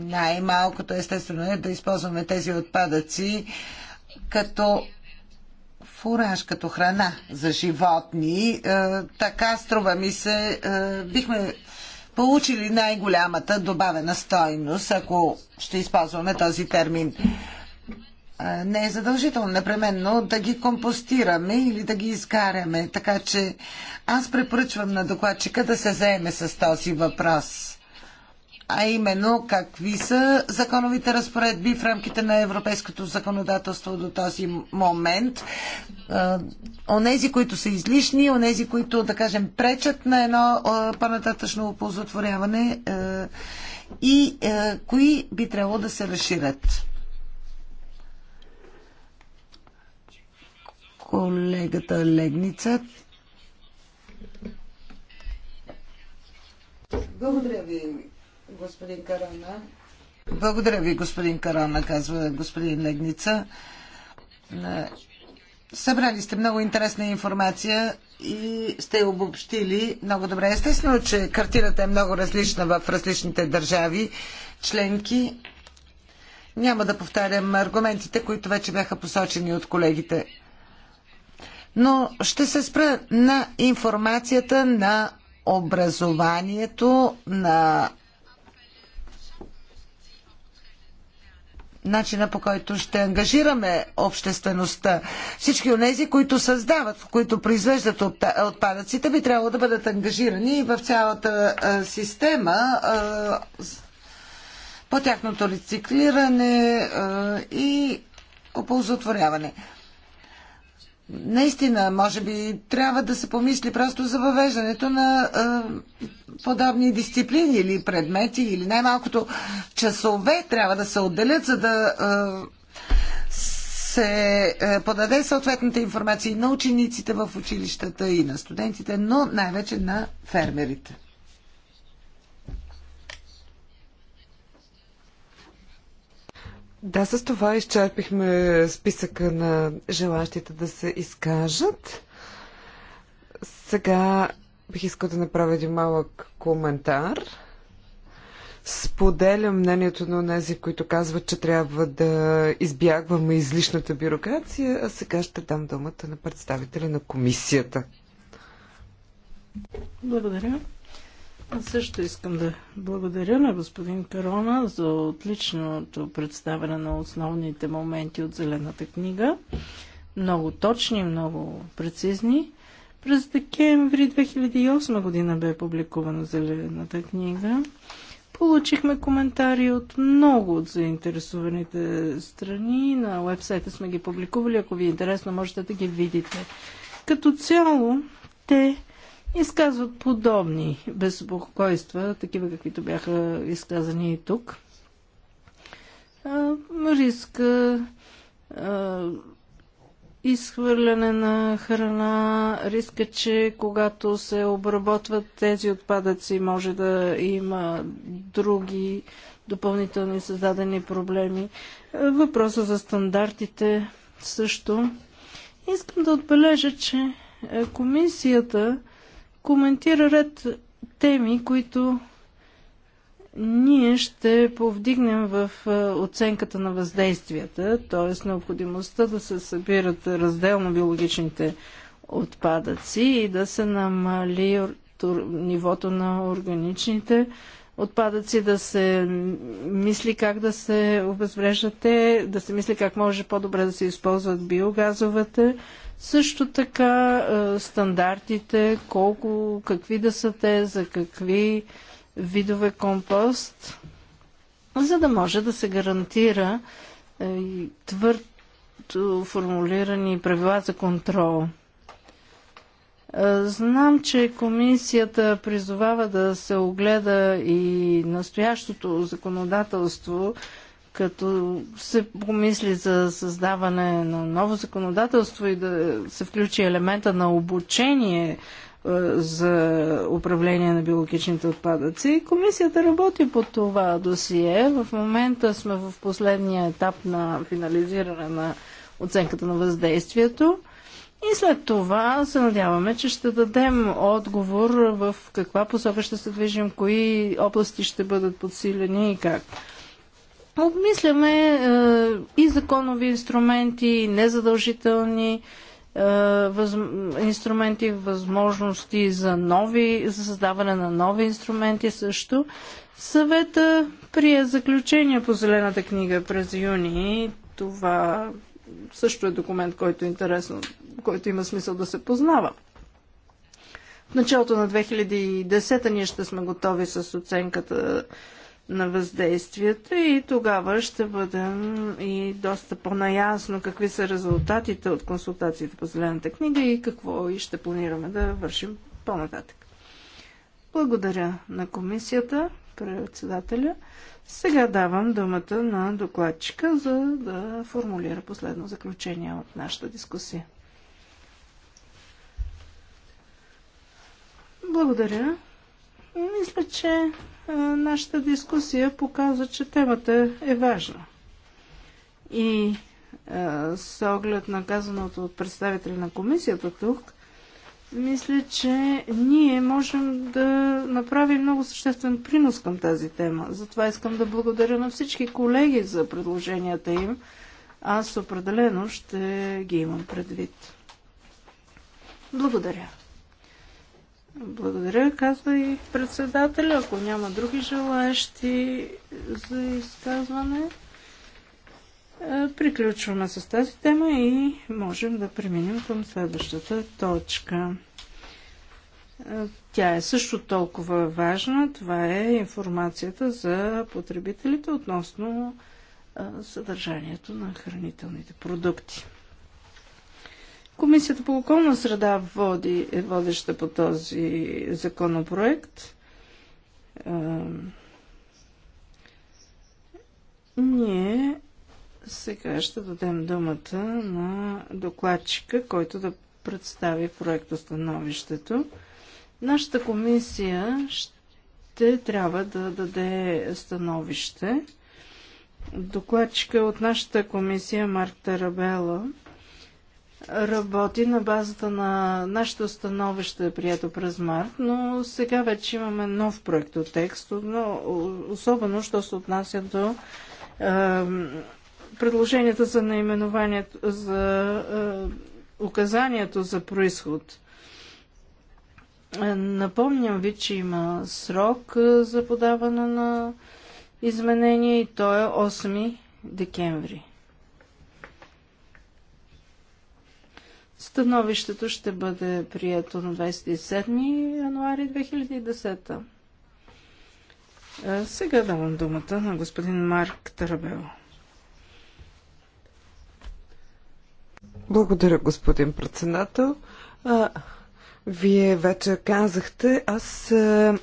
Най-малкото естествено е да използваме тези отпадъци като фураж, като храна за животни. Е, така струва ми се, е, бихме получили най-голямата добавена стойност, ако ще използваме този термин не е задължително непременно да ги компостираме или да ги изгаряме. Така че аз препоръчвам на докладчика да се заеме с този въпрос. А именно, какви са законовите разпоредби в рамките на европейското законодателство до този момент? Онези, които са излишни, онези, които, да кажем, пречат на едно по-нататъчно оползотворяване и кои би трябвало да се разширят? колегата Легница. Благодаря ви, господин Карана. Благодаря ви, господин Карана, казва господин Легница. Събрали сте много интересна информация и сте обобщили много добре. Естествено, че картината е много различна в различните държави, членки. Няма да повтарям аргументите, които вече бяха посочени от колегите но ще се спра на информацията на образованието, на начина по който ще ангажираме обществеността. Всички от тези, които създават, които произвеждат отпадъците, би трябвало да бъдат ангажирани в цялата система по тяхното рециклиране и оползотворяване. Наистина, може би трябва да се помисли просто за въвеждането на е, подобни дисциплини или предмети, или най-малкото часове трябва да се отделят, за да е, се е, подаде съответната информация и на учениците в училищата, и на студентите, но най-вече на фермерите. Да, с това изчерпихме списъка на желащите да се изкажат. Сега бих искал да направя един малък коментар. Споделям мнението на тези, които казват, че трябва да избягваме излишната бюрокрация, а сега ще дам думата на представителя на комисията. Благодаря. Също искам да благодаря на господин Карона за отличното представяне на основните моменти от Зелената книга. Много точни, много прецизни. През декември 2008 година бе публикувана Зелената книга. Получихме коментари от много от заинтересованите страни. На вебсайта сме ги публикували. Ако ви е интересно, можете да ги видите. Като цяло, те изказват подобни безпокойства, такива каквито бяха изказани и тук. Риска изхвърляне на храна, риска, че когато се обработват тези отпадъци, може да има други допълнителни създадени проблеми. Въпроса за стандартите също. Искам да отбележа, че комисията коментира ред теми, които ние ще повдигнем в е, оценката на въздействията, т.е. необходимостта да се събират разделно биологичните отпадъци и да се намали нивото на органичните отпадъци, да се мисли как да се обезвреждат те, да се мисли как може по-добре да се използват биогазовете също така е, стандартите, колко, какви да са те, за какви видове компост, за да може да се гарантира е, твърдо формулирани правила за контрол. Е, знам, че комисията призовава да се огледа и настоящото законодателство като се помисли за създаване на ново законодателство и да се включи елемента на обучение е, за управление на биологичните отпадъци. Комисията работи по това досие. В момента сме в последния етап на финализиране на оценката на въздействието. И след това се надяваме, че ще дадем отговор в каква посока ще се движим, кои области ще бъдат подсилени и как. Обмисляме е, и законови инструменти, и незадължителни е, въз... инструменти, възможности за нови, за създаване на нови инструменти също. Съвета прие заключение по Зелената книга през юни. Това също е документ, който е интересно, който има смисъл да се познава. В началото на 2010 ние ще сме готови с оценката на въздействията и тогава ще бъдем и доста по-наясно какви са резултатите от консултациите по Зелената книга и какво и ще планираме да вършим по-нататък. Благодаря на комисията, председателя. Сега давам думата на докладчика, за да формулира последно заключение от нашата дискусия. Благодаря. Мисля, че нашата дискусия показа, че темата е важна. И с оглед на казаното от представители на комисията тук, мисля, че ние можем да направим много съществен принос към тази тема. Затова искам да благодаря на всички колеги за предложенията им. Аз определено ще ги имам предвид. Благодаря. Благодаря, казва и председателя. Ако няма други желаящи за изказване, е, приключваме с тази тема и можем да преминем към следващата точка. Е, тя е също толкова важна. Това е информацията за потребителите относно е, съдържанието на хранителните продукти. Комисията по околна среда води, е водеща по този законопроект. А, ние сега ще дадем думата на докладчика, който да представи становището. Нашата комисия ще трябва да даде становище. Докладчика от нашата комисия Марк Тарабела – работи на базата на нашето становище, прието през март, но сега вече имаме нов проект от текст, но особено, що се отнася до е, предложенията за наименованието, за е, указанието за происход. Напомням ви, че има срок за подаване на изменения и то е 8 декември. Становището ще бъде прието на 27 януари 2010. Сега давам думата на господин Марк Тарабел. Благодаря, господин председател. А, вие вече казахте, аз а,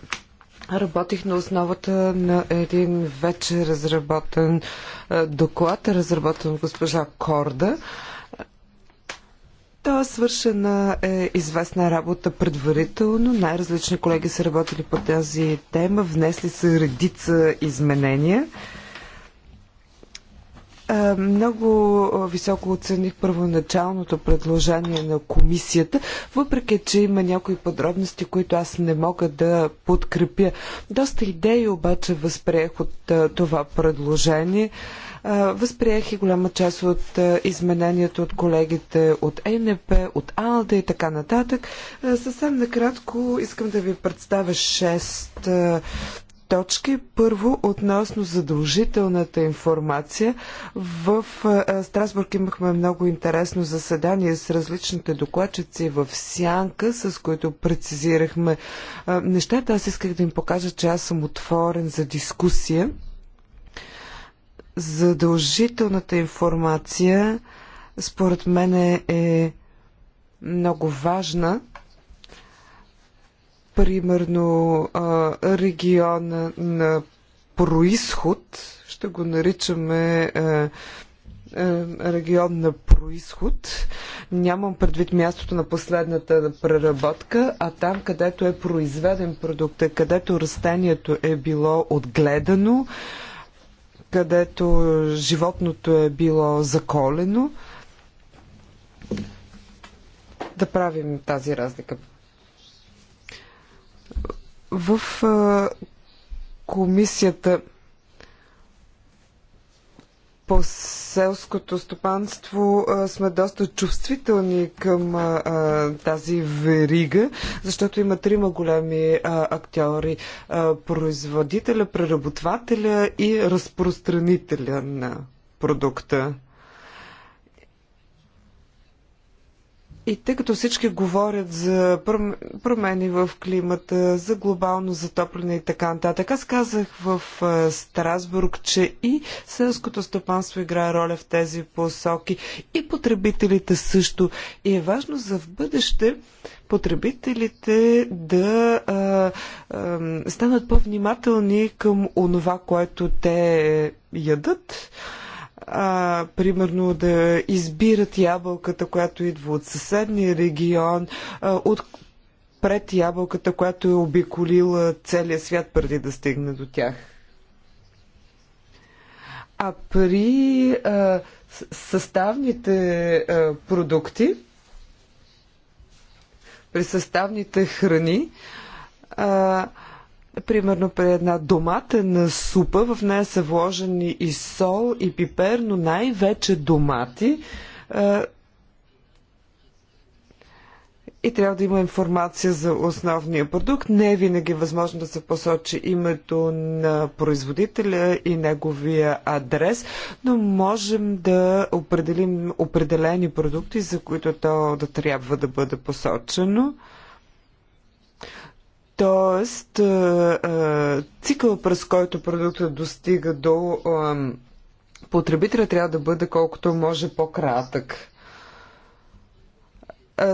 работих на основата на един вече разработен а, доклад, разработен от госпожа Корда. А, да, свършена е известна работа предварително. Най-различни колеги са работили по тази тема, внесли са редица изменения. Е, много високо оцених първоначалното предложение на комисията, въпреки че има някои подробности, които аз не мога да подкрепя. Доста идеи обаче възприех от е, това предложение. Възприех и голяма част от измененията от колегите от ЕНП, от АЛДА и така нататък. Съвсем накратко искам да ви представя шест точки. Първо, относно задължителната информация. В Страсбург имахме много интересно заседание с различните докладчици в Сянка, с които прецизирахме нещата. Аз исках да им покажа, че аз съм отворен за дискусия задължителната информация според мен е много важна. Примерно региона на происход, ще го наричаме регион на происход. Нямам предвид мястото на последната преработка, а там, където е произведен продукта, където растението е било отгледано, където животното е било заколено. Да правим тази разлика. В комисията по селското стопанство сме доста чувствителни към тази верига, защото има трима големи актьори производителя, преработвателя и разпространителя на продукта. И тъй като всички говорят за промени в климата, за глобално затопляне и така нататък, аз казах в е, Страсбург, че и селското стопанство играе роля в тези посоки, и потребителите също. И е важно за в бъдеще потребителите да а, е, а, е, станат по-внимателни към онова, което те ядат а, примерно да избират ябълката, която идва от съседния регион, а, от пред ябълката, която е обиколила целия свят преди да стигне до тях. А при а, съставните а, продукти, при съставните храни, а, Примерно при една доматена супа, в нея са вложени и сол, и пипер, но най-вече домати. И трябва да има информация за основния продукт. Не е винаги възможно да се посочи името на производителя и неговия адрес, но можем да определим определени продукти, за които то да трябва да бъде посочено. Тоест, е, е, цикъл през който продуктът достига до потребителя трябва да бъде колкото може по-кратък.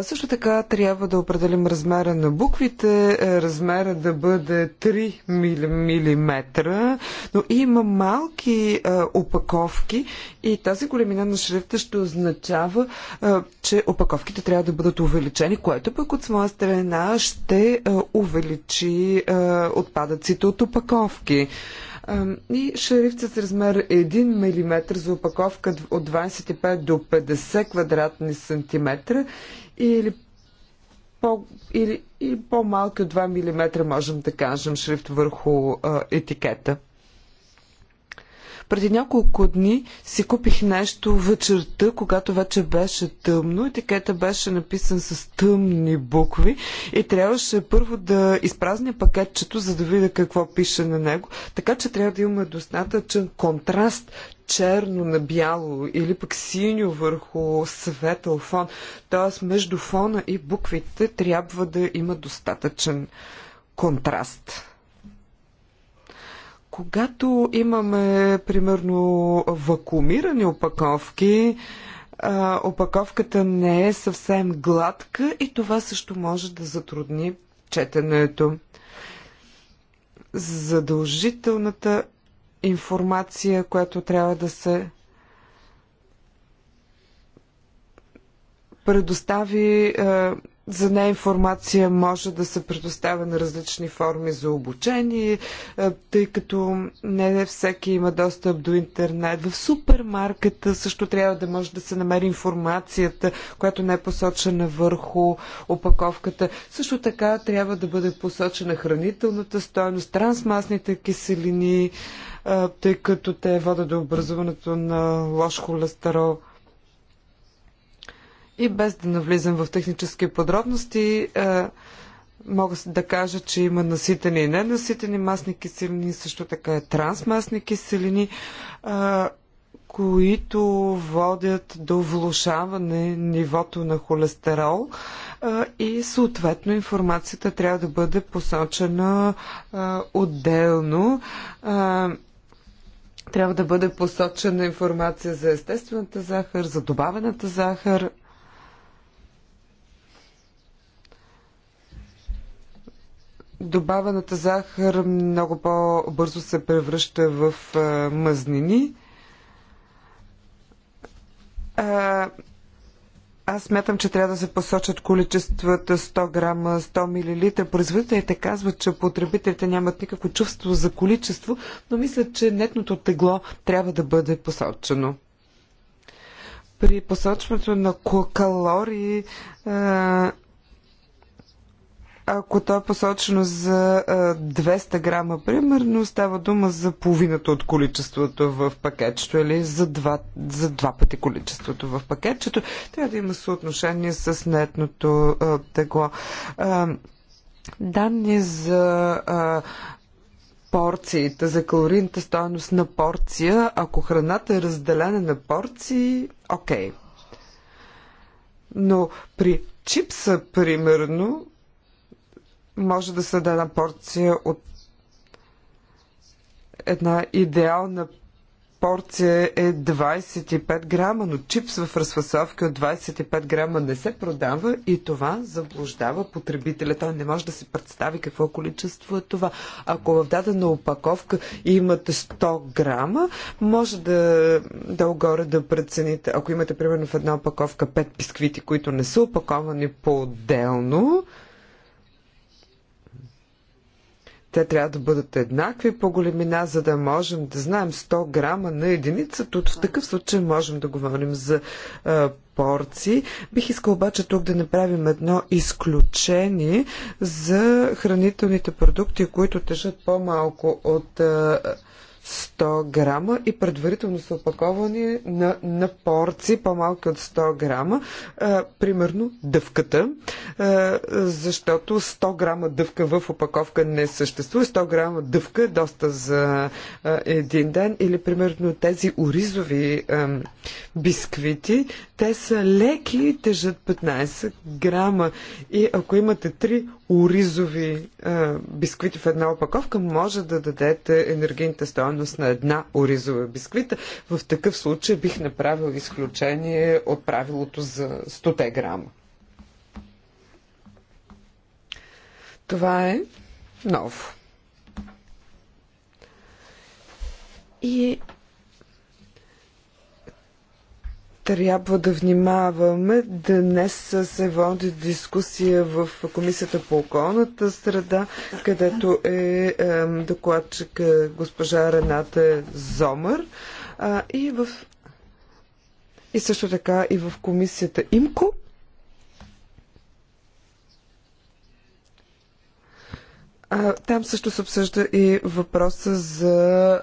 Също така трябва да определим размера на буквите, размера да бъде 3 мм, но има малки а, опаковки и тази големина на шрифта ще означава, а, че опаковките трябва да бъдат увеличени, което пък от своя страна ще а, увеличи а, отпадъците от опаковки. И шрифт с размер 1 мм за опаковка от 25 до 50 квадратни сантиметра или по, или, или по-малки от 2 мм, можем да кажем, шрифт върху а, етикета. Преди няколко дни си купих нещо вечерта, когато вече беше тъмно. Етикета беше написан с тъмни букви и трябваше първо да изпразня пакетчето, за да видя какво пише на него. Така че трябва да имаме достатъчен контраст, черно на бяло или пък синьо върху светъл фон. Т.е. между фона и буквите трябва да има достатъчен контраст. Когато имаме, примерно, вакуумирани опаковки, опаковката не е съвсем гладка и това също може да затрудни четенето. Задължителната информация, която трябва да се предостави за нея информация може да се предоставя на различни форми за обучение, е, тъй като не всеки има достъп до интернет. В супермаркета също трябва да може да се намери информацията, която не е посочена върху опаковката. Също така трябва да бъде посочена хранителната стойност, трансмасните киселини, е, тъй като те водят до образуването на лош холестерол. И без да навлизам в технически подробности, е, мога да кажа, че има наситени и ненаситени масни киселини, също така и трансмасни киселини, е, които водят до влушаване нивото на холестерол е, и съответно информацията трябва да бъде посочена отделно трябва да бъде посочена информация за естествената захар, за добавената захар. добавената захар много по-бързо се превръща в мъзнини. Аз смятам, че трябва да се посочат количествата 100 грама, 100 мл. Производителите казват, че потребителите нямат никакво чувство за количество, но мислят, че нетното тегло трябва да бъде посочено. При посочването на калории ако то е посочено за 200 грама, примерно, става дума за половината от количеството в пакетчето или за два, за два пъти количеството в пакетчето. Трябва да има съотношение с нетното тегло. Данни за порциите, за калорийната стоеност на порция, ако храната е разделена на порции, окей. Okay. Но при чипса, примерно, може да се даде една порция от една идеална порция е 25 грама, но чипс в разфасовка от 25 грама не се продава и това заблуждава потребителя. Той не може да си представи какво количество е това. Ако в дадена опаковка имате 100 грама, може да дългоре да прецените. Ако имате примерно в една опаковка 5 бисквити, които не са опаковани по-отделно, те трябва да бъдат еднакви по големина, за да можем да знаем 100 грама на единица. Тут в такъв случай можем да говорим за а, порции. Бих искал обаче тук да направим едно изключение за хранителните продукти, които тежат по-малко от а, 100 грама и предварително са опаковани на, на порции по-малки от 100 грама. А, е, примерно дъвката, а, е, защото 100 грама дъвка в опаковка не съществува. 100 грама дъвка е доста за а, е, един ден. Или примерно тези оризови а, бисквити, те са леки и тежат 15 грама. И ако имате 3 оризови а, бисквити в една опаковка, може да дадете енергийните стоености стойност на една оризова бисквита, в такъв случай бих направил изключение от правилото за 100 грама. Това е ново. И трябва да внимаваме. Днес се води дискусия в Комисията по околната среда, където е докладчик е, госпожа Рената Зомър. И, в... и също така и в Комисията ИМКО. там също се обсъжда и въпроса за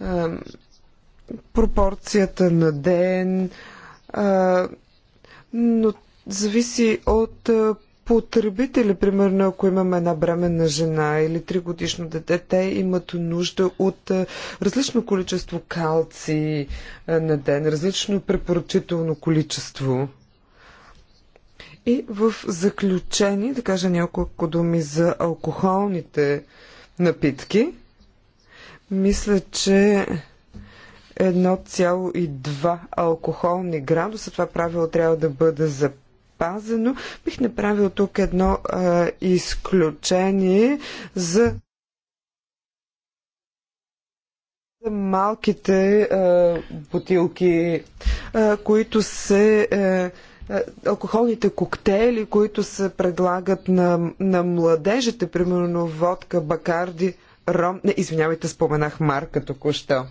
е, е, пропорцията на ден, а, но зависи от потребители, примерно ако имаме една бременна жена или тригодишно дете, те имат нужда от различно количество калци на ден, различно препоръчително количество. И в заключение да кажа няколко думи за алкохолните напитки. Мисля, че 1,2 алкохолни градуса. Това правило трябва да бъде запазено. Бих направил тук едно а, изключение за малките а, бутилки, а, които се. А, алкохолните коктейли, които се предлагат на, на младежите, примерно водка, бакарди, ром... Не, извинявайте, споменах марка току-що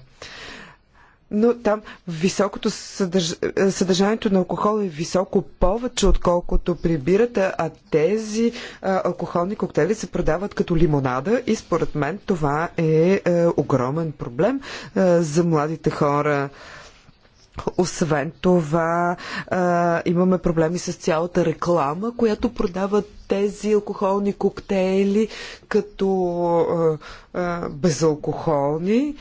но там високото съдърж... Е, съдържанието на алкохол е високо повече, отколкото при бирата, а тези а, е, алкохолни коктейли се продават като лимонада и според мен това е, е огромен проблем е, за младите хора. А, освен това, а, имаме проблеми с цялата реклама, която продава тези алкохолни коктейли като а, а, безалкохолни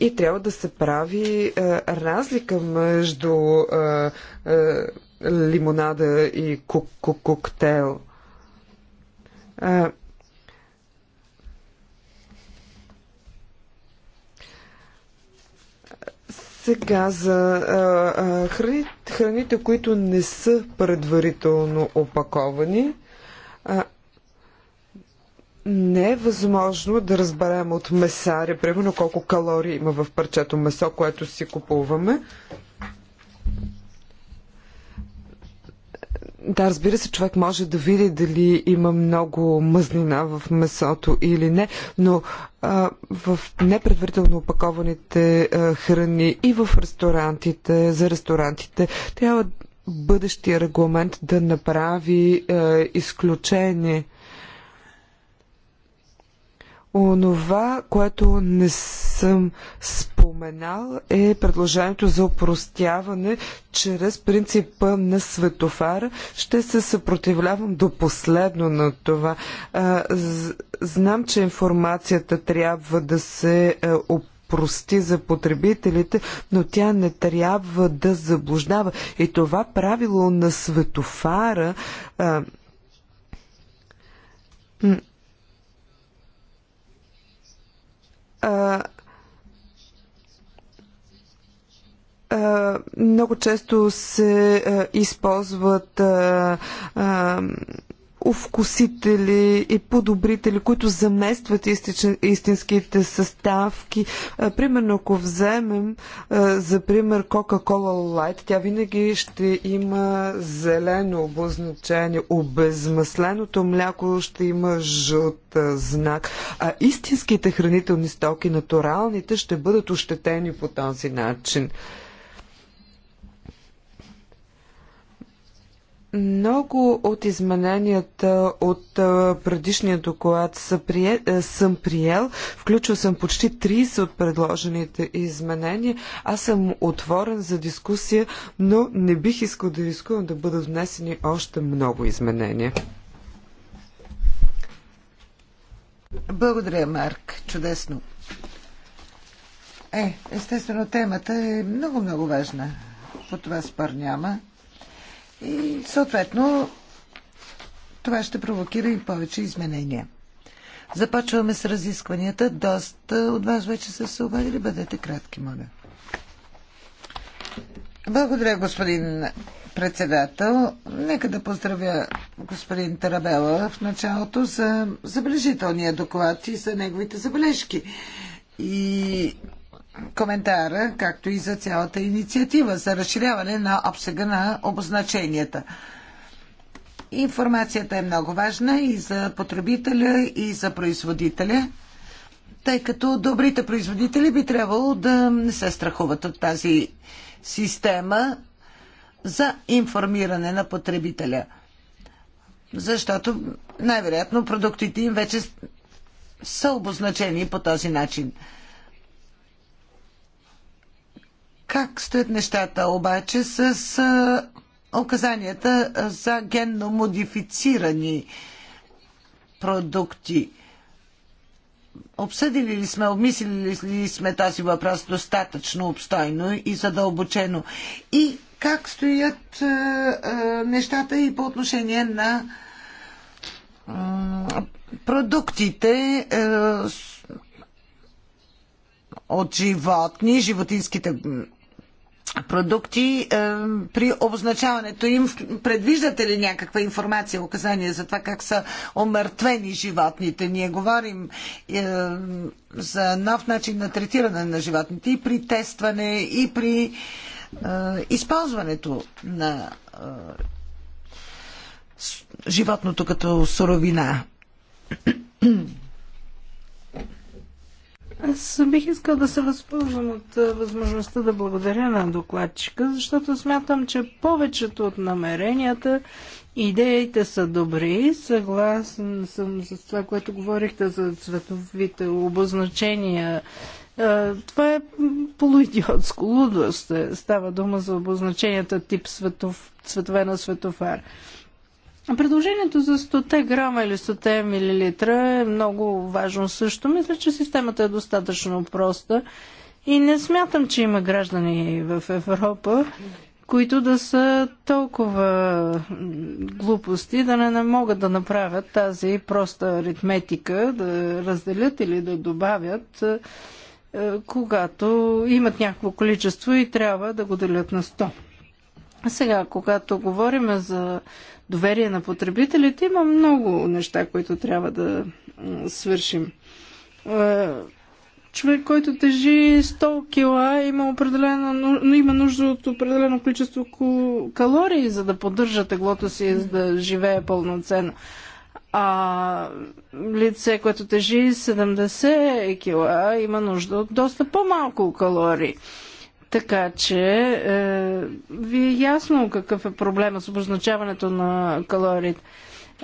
и трябва да се прави а, разлика между а, а, лимонада и кок- кок- коктейл. А, Сега за а, храните, храните, които не са предварително опаковани, а, не е възможно да разберем от месаря, примерно колко калории има в парчето месо, което си купуваме. Да, разбира се, човек може да види дали има много мъзнина в месото или не, но в непредварително опакованите храни и в ресторантите, за ресторантите, трябва бъдещия регламент да направи изключение. Онова, което не съм споменал е предложението за опростяване чрез принципа на светофара. Ще се съпротивлявам до последно на това. Знам, че информацията трябва да се е, прости за потребителите, но тя не трябва да заблуждава. И това правило на светофара Много често се е, използват овкусители е, е, и подобрители, които заместват истинските съставки. Примерно, ако вземем за пример Coca-Cola Light, тя винаги ще има зелено обозначение. Обезмасленото мляко ще има жълт знак. А истинските хранителни стоки, натуралните, ще бъдат ощетени по този начин. Много от измененията от предишния доклад са прие, е, съм приел. Включил съм почти 30 от предложените изменения. Аз съм отворен за дискусия, но не бих искал да рискувам да бъдат внесени още много изменения. Благодаря, Марк. Чудесно. Е, естествено, темата е много-много важна. По това спор няма. И съответно това ще провокира и повече изменения. Започваме с разискванията. Доста от вас вече са се обадили. Бъдете кратки, моля. Благодаря, господин председател. Нека да поздравя господин Тарабела в началото за забележителния доклад и за неговите забележки. И коментара, както и за цялата инициатива за разширяване на обсега на обозначенията. Информацията е много важна и за потребителя, и за производителя, тъй като добрите производители би трябвало да не се страхуват от тази система за информиране на потребителя. Защото най-вероятно продуктите им вече са обозначени по този начин. Как стоят нещата обаче с указанията за генно модифицирани продукти? Обсъдили ли сме, обмислили ли сме този въпрос достатъчно обстойно и задълбочено? И как стоят нещата и по отношение на продуктите от животни, животинските продукти е, при обозначаването им предвиждате ли някаква информация, указания за това как са омъртвени животните? Ние говорим е, за нов начин на третиране на животните и при тестване, и при е, използването на животното като суровина. Аз бих искал да се възползвам от възможността да благодаря на докладчика, защото смятам, че повечето от намеренията, идеите са добри. Съгласен съм с това, което говорихте за цветовите обозначения. Това е полуидиотско лудост. Става дума за обозначенията тип светов, цветове на светофар. Предложението за 100 грама или 100 милилитра е много важно също. Мисля, че системата е достатъчно проста и не смятам, че има граждани в Европа, които да са толкова глупости, да не, не могат да направят тази проста аритметика, да разделят или да добавят, е, когато имат някакво количество и трябва да го делят на 100. Сега, когато говорим за доверие на потребителите, има много неща, които трябва да свършим. Е, човек, който тежи 100 кила, има, определено, но има нужда от определено количество калории, за да поддържа теглото си, за да живее пълноценно. А лице, което тежи 70 кила, има нужда от доста по-малко калории. Така че е, ви е ясно какъв е проблема с обозначаването на калориите.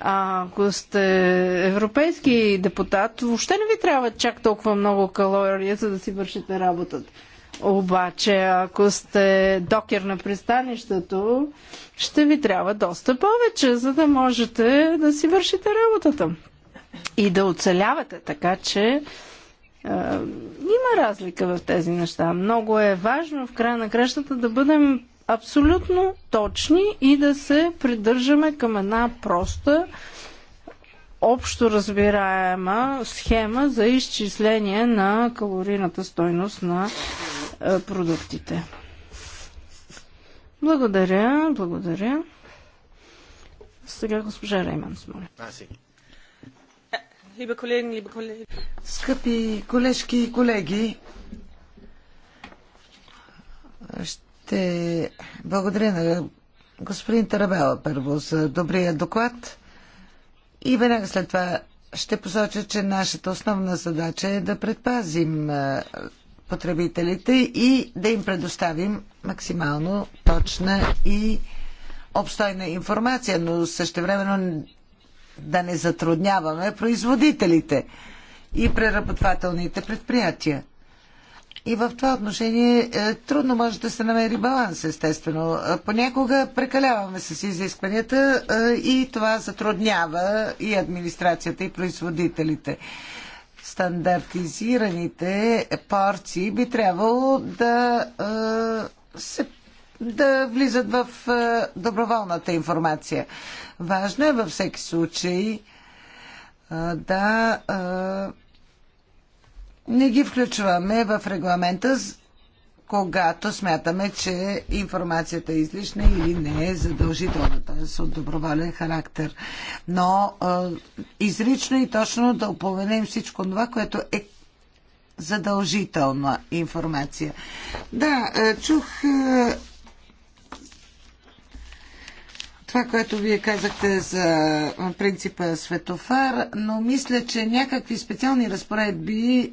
А ако сте европейски депутат, въобще не ви трябва чак толкова много калории, за да си вършите работата. Обаче, ако сте докер на пристанището, ще ви трябва доста повече, за да можете да си вършите работата и да оцелявате. Така че има разлика в тези неща. Много е важно в края на кращата да бъдем абсолютно точни и да се придържаме към една проста, общо разбираема схема за изчисление на калорийната стойност на продуктите. Благодаря, благодаря. Сега госпожа Рейман, моля. Скъпи колежки и колеги, ще благодаря на господин Тарабела първо за добрия доклад и веднага след това ще посоча, че нашата основна задача е да предпазим потребителите и да им предоставим максимално точна и обстойна информация, но същевременно да не затрудняваме производителите и преработвателните предприятия. И в това отношение е, трудно може да се намери баланс, естествено. Понякога прекаляваме с изискванията е, и това затруднява и администрацията, и производителите. Стандартизираните порции би трябвало да е, се да влизат в е, доброволната информация. Важно е във всеки случай е, да е, не ги включваме в регламента, когато смятаме, че информацията е излишна или не е задължителна, т.е. от доброволен характер. Но изрично и точно да упоменем всичко това, което е задължителна информация. Да, чух това, което вие казахте за принципа светофар, но мисля, че някакви специални разпоредби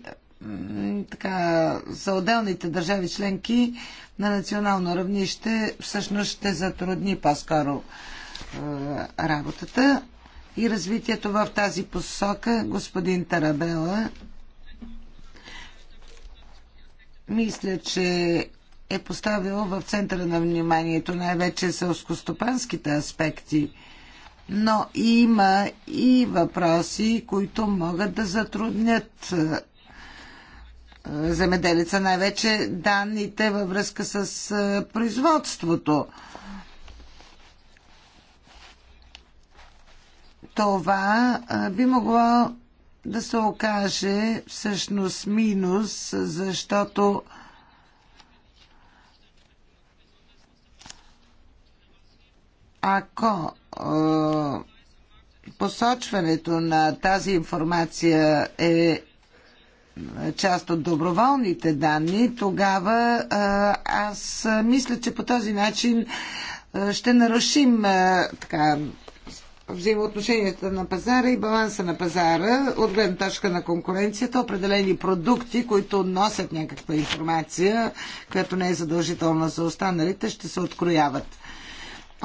така, за отделните държави членки на национално равнище всъщност ще затрудни по-скоро е, работата и развитието в тази посока. Господин Тарабела, мисля, че е поставил в центъра на вниманието най-вече селскостопанските аспекти. Но има и въпроси, които могат да затруднят е, земеделица, най-вече данните във връзка с е, производството. Това е, би могло да се окаже всъщност минус, защото Ако посочването на тази информация е част от доброволните данни, тогава аз мисля, че по този начин ще нарушим така, взаимоотношенията на пазара и баланса на пазара от гледна точка на конкуренцията, определени продукти, които носят някаква информация, която не е задължителна за останалите, ще се открояват.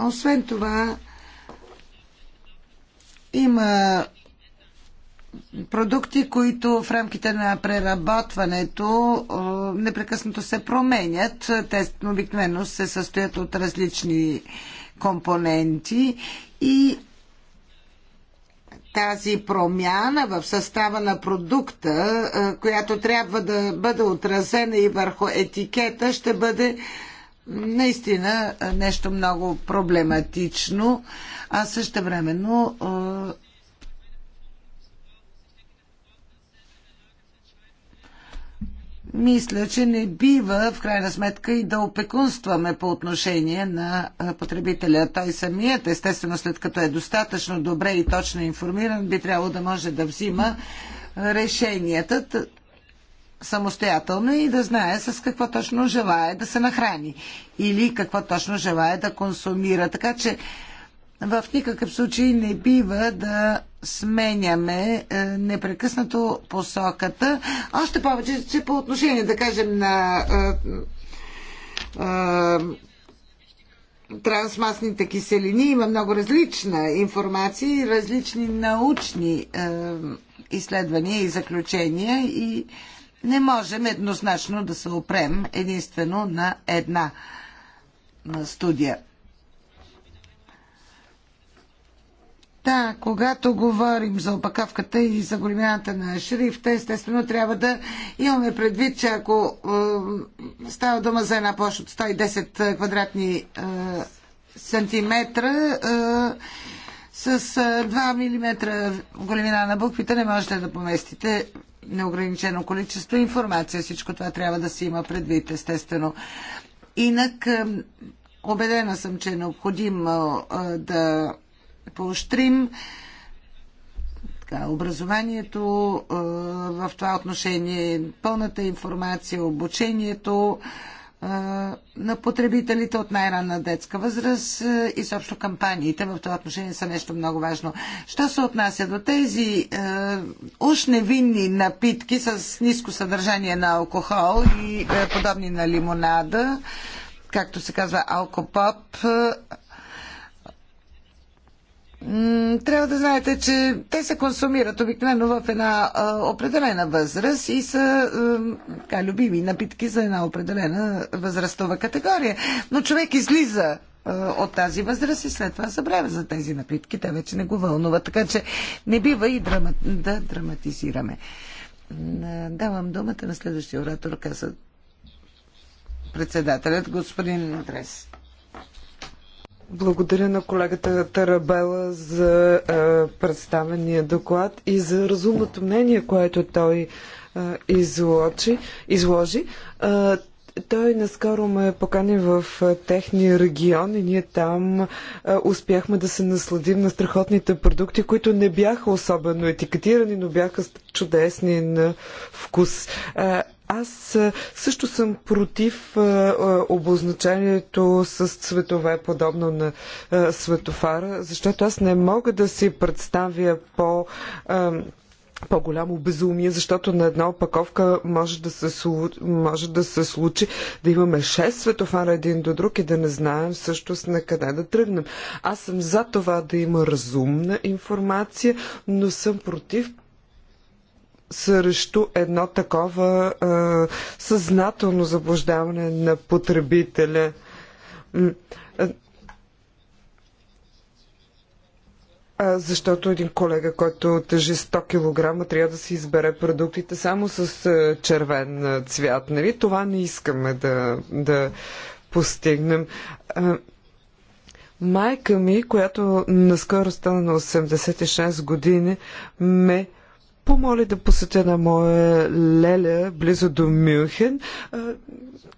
Освен това, има продукти, които в рамките на преработването е, непрекъснато се променят. Те обикновено се състоят от различни компоненти и тази промяна в състава на продукта, е, която трябва да бъде отразена и върху етикета, ще бъде наистина нещо много проблематично, а също времено мисля, че не бива в крайна сметка и да опекунстваме по отношение на потребителя. Той самият, естествено, след като е достатъчно добре и точно информиран, би трябвало да може да взима решенията самостоятелно и да знае с какво точно желая да се нахрани или какво точно желая да консумира. Така че в никакъв случай не бива да сменяме е, непрекъснато посоката. Още повече, че по отношение, да кажем, на е, е, трансмасните киселини има много различна информация и различни научни е, изследвания и заключения и не можем еднозначно да се опрем единствено на една студия. Да, когато говорим за опаковката и за големината на шрифта, естествено трябва да имаме предвид, че ако е, става дума за една площ от 110 е, квадратни е, сантиметра, е, с 2 е, мм големина на буквите не можете да поместите неограничено количество информация. Всичко това трябва да се има предвид, естествено. Инак, убедена съм, че е необходимо е, да поощрим образованието е, в това отношение, пълната информация, обучението на потребителите от най-ранна детска възраст и съобщо кампаниите в това отношение са нещо много важно. Що се отнася до тези е, уж невинни напитки с ниско съдържание на алкохол и е, подобни на лимонада, както се казва алкопоп, трябва да знаете, че те се консумират обикновено в една а, определена възраст и са а, така, любими напитки за една определена възрастова категория. Но човек излиза а, от тази възраст и след това забравя за тези напитки. Те вече не го вълнуват, така че не бива и драма, да драматизираме. Давам думата на следващия оратор, каза председателят господин Дрес. Благодаря на колегата Тарабела за е, представения доклад и за разумното мнение, което той е, излочи, изложи. Е, той наскоро ме покани в е, техния регион и ние там е, успяхме да се насладим на страхотните продукти, които не бяха особено етикетирани, но бяха чудесни на вкус. Е, аз също съм против обозначението с цветове, подобно на светофара, защото аз не мога да си представя по по-голямо безумие, защото на една опаковка може да, се, може да се случи да имаме 6 светофара един до друг и да не знаем всъщност на къде да тръгнем. Аз съм за това да има разумна информация, но съм против срещу едно такова а, съзнателно заблуждаване на потребителя. А, защото един колега, който тежи 100 кг, трябва да си избере продуктите само с а, червен цвят. Нали? Това не искаме да, да постигнем. А, майка ми, която наскоро стана на 86 години, ме помоли да посетя на моя леля близо до Мюнхен,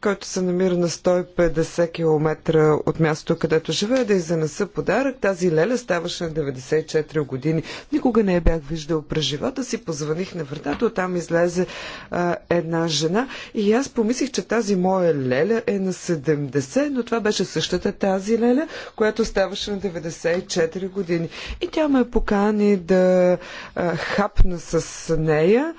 който се намира на 150 км от мястото, където живея, да изнеса подарък. Тази леля ставаше на 94 години. Никога не я бях виждал през живота си. Позваних на вратата, там излезе а, една жена и аз помислих, че тази моя леля е на 70, но това беше същата тази леля, която ставаше на 94 години. И тя ме покани да а, хапна с с нея.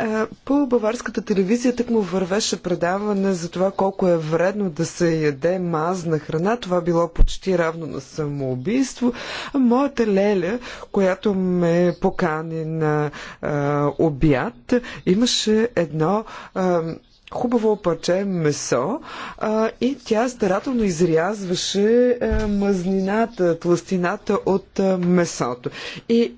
Е, по баварската телевизия так му вървеше предаване за това колко е вредно да се яде мазна храна. Това било почти равно на самоубийство. Моята леля, която ме покани на а, е, обяд, имаше едно а, е, хубаво парче месо а, и тя старателно изрязваше а, мазнината, тластината от а, месото. И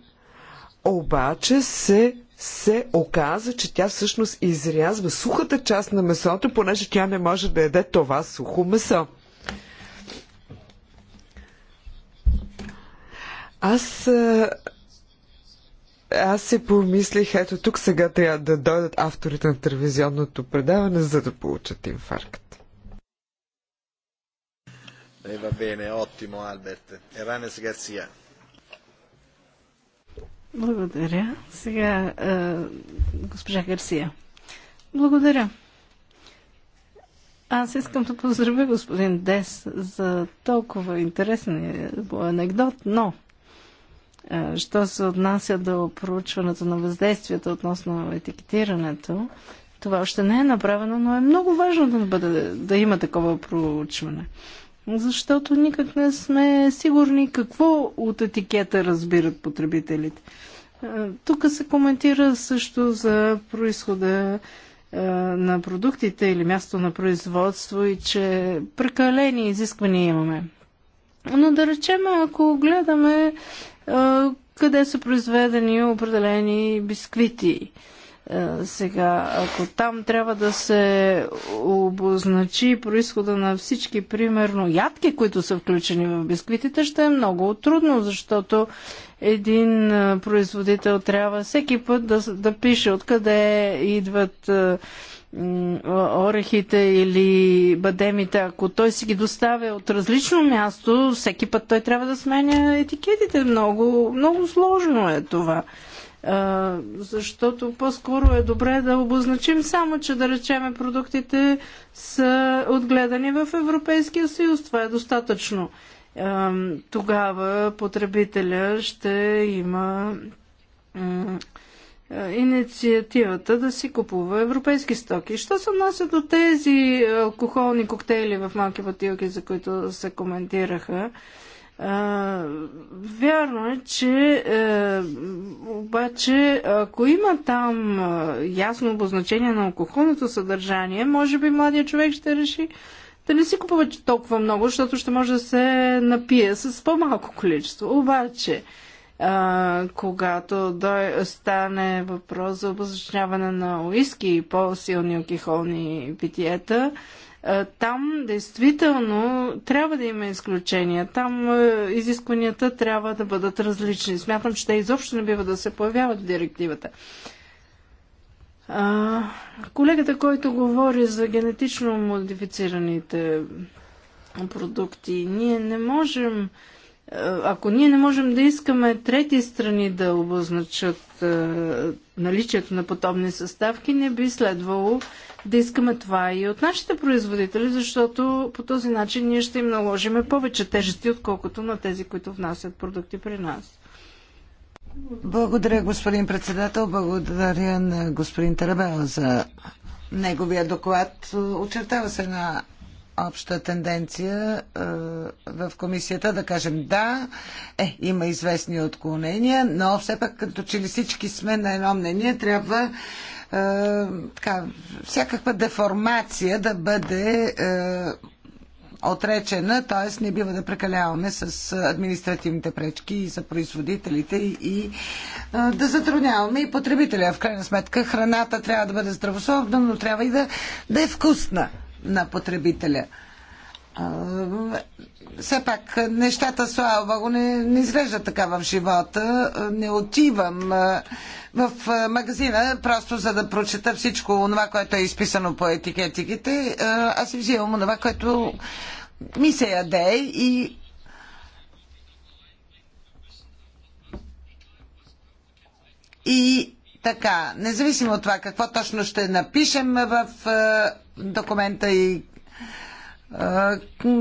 обаче се се оказа, че тя всъщност изрязва сухата част на месото, понеже тя не може да яде това сухо месо. Аз аз си помислих, ето тук сега трябва да дойдат авторите на телевизионното предаване, за да получат инфаркт. Е, va bene, ottimo, Albert. сега сия. Благодаря. Сега госпожа Гарсия. Благодаря. Аз искам да поздравя господин Дес за толкова интересен е, анекдот, но що се отнася до проучването на въздействията относно етикетирането, това още не е направено, но е много важно да, бъде, да има такова проучване защото никак не сме сигурни какво от етикета разбират потребителите. Е, тук се коментира също за происхода е, на продуктите или място на производство и че прекалени изисквания имаме. Но да речем, ако гледаме е, къде са произведени определени бисквити, е, сега, ако там трябва да се обозначи происхода на всички, примерно, ядки, които са включени в бисквитите, ще е много трудно, защото един е, производител трябва всеки път да, да пише откъде идват е, орехите или бадемите, ако той си ги доставя от различно място, всеки път той трябва да сменя етикетите. Много, много сложно е това защото по-скоро е добре да обозначим само, че да речеме продуктите са отгледани в Европейския съюз. Това е достатъчно. Тогава потребителя ще има инициативата да си купува европейски стоки. Що се отнася до тези алкохолни коктейли в малки бутилки, за които се коментираха? вярно е, че е, обаче ако има там е, ясно обозначение на алкохолното съдържание, може би младият човек ще реши да не си купува толкова много, защото ще може да се напие с по-малко количество. Обаче, когато дой, стане въпрос за обозначаване на уиски и по-силни алкохолни питиета, е, там действително трябва да има изключения. Там е, изискванията трябва да бъдат различни. Смятам, че те изобщо не бива да се появяват в директивата. А, колегата, който говори за генетично модифицираните продукти, ние не можем е, ако ние не можем да искаме трети страни да обозначат е, наличието на подобни съставки, не би следвало да искаме това и от нашите производители, защото по този начин ние ще им наложиме повече тежести, отколкото на тези, които внасят продукти при нас. Благодаря, господин председател. Благодаря на господин Тарабел за неговия доклад. Очертава се на обща тенденция е, в комисията да кажем да, е, има известни отклонения, но все пак като че ли всички сме на едно мнение, трябва е, така, всякаква деформация да бъде е, отречена, т.е. не бива да прекаляваме с административните пречки и за производителите и, и е, да затрудняваме и потребителя. В крайна сметка храната трябва да бъде здравословна, но трябва и да, да е вкусна на потребителя. Все пак нещата, слава богу, не, не изглеждат така в живота. Не отивам в магазина просто за да прочета всичко това, което е изписано по етикетиките. Аз си взимам това, което ми се яде и и така, независимо от това какво точно ще напишем в е, документа и е,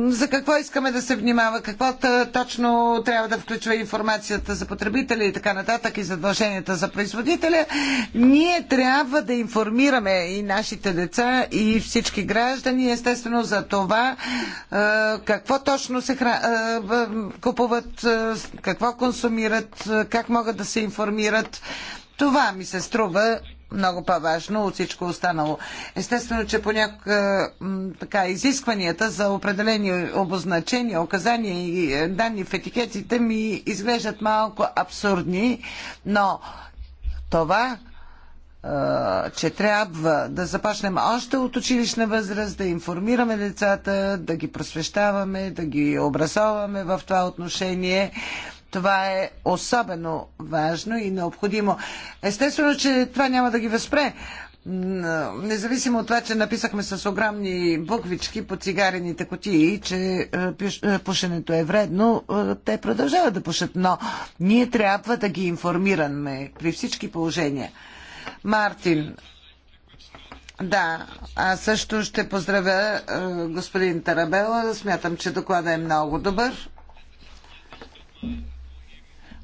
за какво искаме да се внимава, какво точно трябва да включва информацията за потребителя и така нататък и задълженията за производителя, ние трябва да информираме и нашите деца и всички граждани естествено за това е, какво точно се купуват, какво консумират, как могат да се информират. Това ми се струва много по-важно от всичко останало. Естествено, че понякога така, изискванията за определени обозначения, указания и е, данни в етикетите ми изглеждат малко абсурдни, но това, че трябва да започнем още от училищна възраст, да информираме децата, да ги просвещаваме, да ги образоваме в това отношение – това е особено важно и необходимо. Естествено, че това няма да ги възпре. Независимо от това, че написахме с огромни буквички по цигарените котии, че е, е, пушенето е вредно, е, те продължават да пушат, но ние трябва да ги информираме при всички положения. Мартин, да, аз също ще поздравя господин Тарабела. Смятам, че доклада е много добър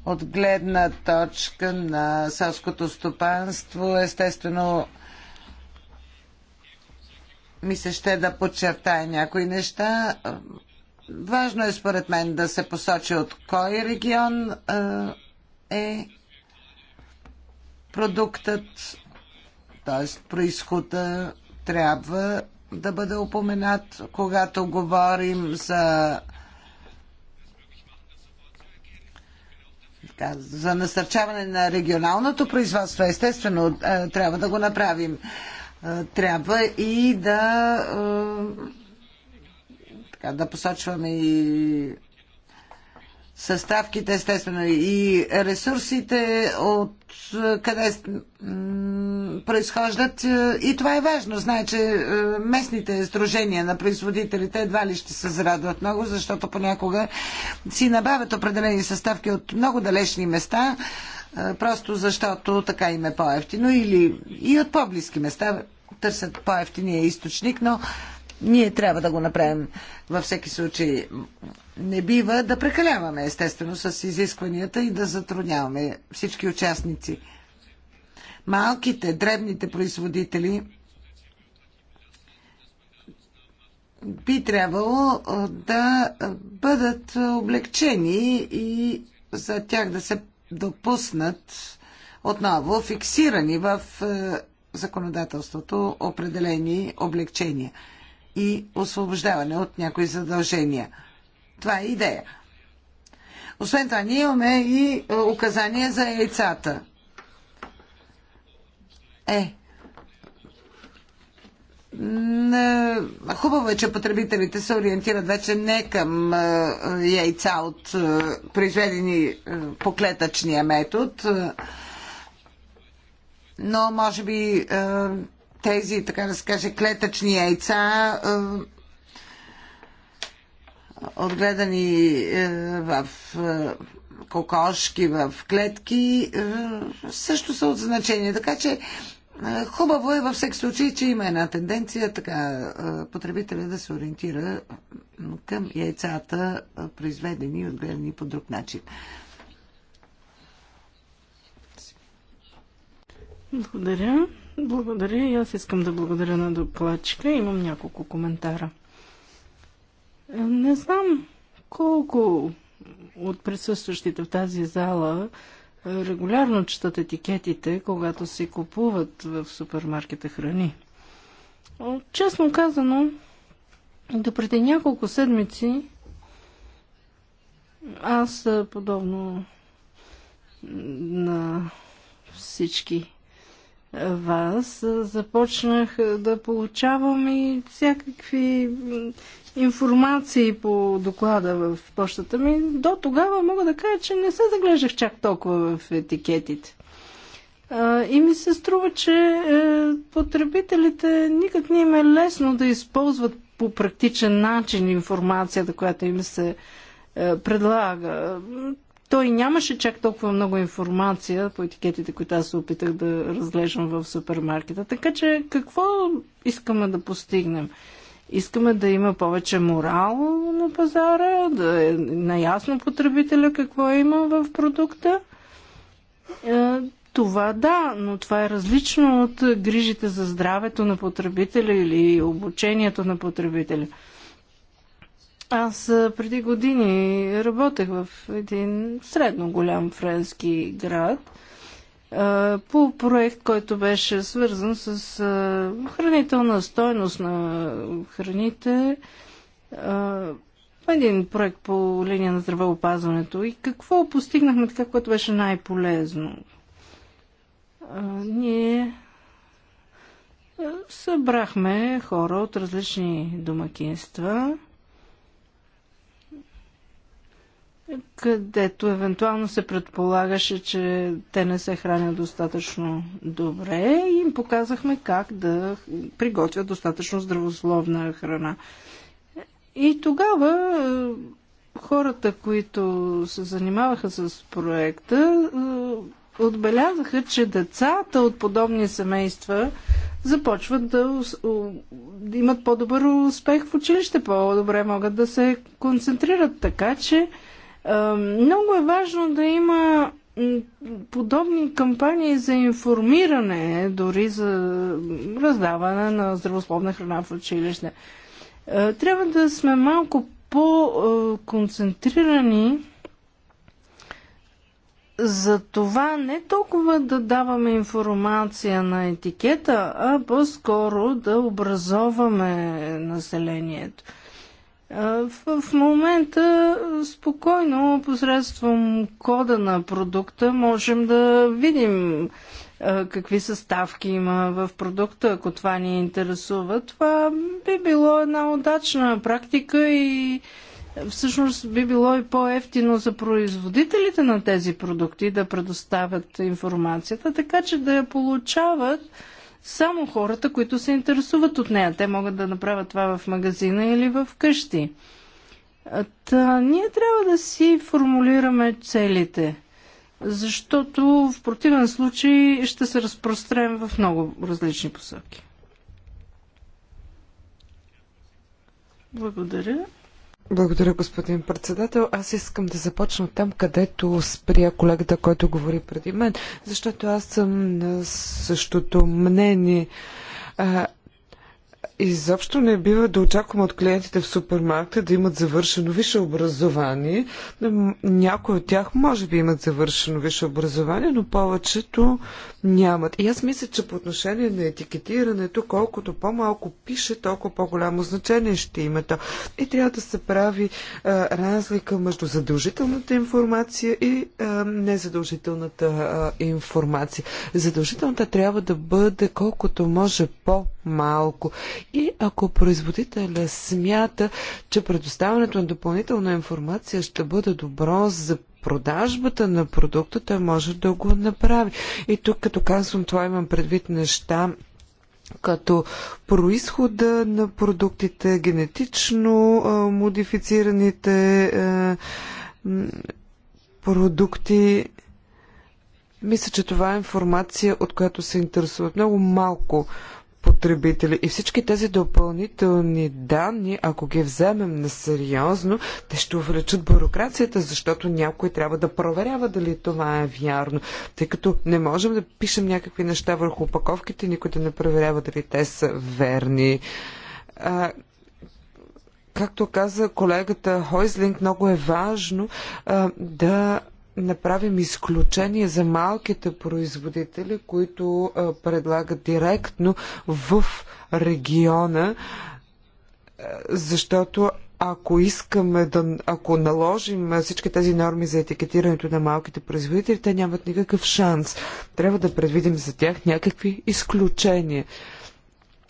от гледна точка на селското стопанство. Естествено, ми се ще да подчертая някои неща. Важно е според мен да се посочи от кой регион е продуктът, т.е. происхода трябва да бъде упоменат, когато говорим за така, за насърчаване на регионалното производство, естествено, е, трябва да го направим. Е, трябва и да, е, така, да посочваме и съставките, естествено и ресурсите, от къде произхождат. И това е важно. Знае, че е, местните сдружения на производителите едва ли ще се зарадват много, защото понякога си набавят определени съставки от много далечни места, е, просто защото така им е по-ефтино или и от по-близки места търсят по-ефтиния източник, но ние трябва да го направим във всеки случай. Не бива да прекаляваме, естествено, с изискванията и да затрудняваме всички участници. Малките, дребните производители би трябвало да бъдат облегчени и за тях да се допуснат отново фиксирани в законодателството определени облегчения и освобождаване от някои задължения. Това е идея. Освен това, ние имаме и е, указания за яйцата. Е, е, Хубаво е, че потребителите се ориентират вече не към е, яйца от произведени по клетъчния метод, но може би тези, така да се каже, клетъчни яйца, е, отгледани е, в е, кокошки, в клетки, също са от значение. Така че хубаво е във всеки случай, че има една тенденция така потребителя да се ориентира към яйцата, произведени и отгледани по друг начин. Благодаря. Благодаря и аз искам да благодаря на докладчика. Имам няколко коментара. Е, не знам колко от присъстващите в тази зала е, регулярно четат етикетите, когато се купуват в супермаркета храни. Честно казано, до преди няколко седмици аз, е, подобно на всички вас започнах да получавам и всякакви информации по доклада в почтата ми. До тогава мога да кажа, че не се заглеждах чак толкова в етикетите. И ми се струва, че е, потребителите никак не им е лесно да използват по практичен начин информацията, която им се е, предлага. Той нямаше чак толкова много информация по етикетите, които аз се опитах да разглеждам в супермаркета. Така че какво искаме да постигнем? Искаме да има повече морал на пазара, да е наясно потребителя какво има в продукта. Е, това да, но това е различно от грижите за здравето на потребителя или обучението на потребителя. Аз преди години работех в един средно голям френски град по проект, който беше свързан с хранителна стойност на храните. Един проект по линия на здравеопазването. И какво постигнахме така, което беше най-полезно? Ние събрахме хора от различни домакинства – където евентуално се предполагаше, че те не се хранят достатъчно добре и им показахме как да приготвят достатъчно здравословна храна. И тогава е, хората, които се занимаваха с проекта, е, отбелязаха, че децата от подобни семейства започват да имат по-добър успех в училище, по-добре могат да се концентрират. Така че много е важно да има подобни кампании за информиране, дори за раздаване на здравословна храна в училище. Трябва да сме малко по-концентрирани за това не толкова да даваме информация на етикета, а по-скоро да образоваме населението. В момента спокойно посредством кода на продукта можем да видим какви съставки има в продукта, ако това ни интересува. Това би било една удачна практика и всъщност би било и по-ефтино за производителите на тези продукти да предоставят информацията, така че да я получават само хората, които се интересуват от нея. Те могат да направят това в магазина или в къщи. Та, ние трябва да си формулираме целите, защото в противен случай ще се разпрострем в много различни посоки. Благодаря. Благодаря, господин председател. Аз искам да започна там, където спря колегата, който говори преди мен, защото аз съм на същото мнение. Изобщо не бива да очакваме от клиентите в супермаркета да имат завършено висше образование. Някои от тях може би имат завършено висше образование, но повечето нямат. И аз мисля, че по отношение на етикетирането, колкото по-малко пише, толкова по-голямо значение ще има то. И трябва да се прави а, разлика между задължителната информация и а, незадължителната а, информация. Задължителната трябва да бъде колкото може по-малко и ако производителя смята, че предоставянето на допълнителна информация ще бъде добро за продажбата на продукта, той може да го направи. И тук, като казвам това, имам предвид неща, като происхода на продуктите, генетично а, модифицираните а, продукти. Мисля, че това е информация, от която се интересуват много малко потребители. И всички тези допълнителни данни, ако ги вземем на сериозно, те ще увеличат бюрокрацията, защото някой трябва да проверява дали това е вярно. Тъй като не можем да пишем някакви неща върху упаковките, никой да не проверява дали те са верни. А, както каза колегата Хойзлинг, много е важно а, да направим изключение за малките производители, които а, предлагат директно в региона, защото ако искаме да, ако наложим всички тези норми за етикетирането на малките производители, те нямат никакъв шанс. Трябва да предвидим за тях някакви изключения.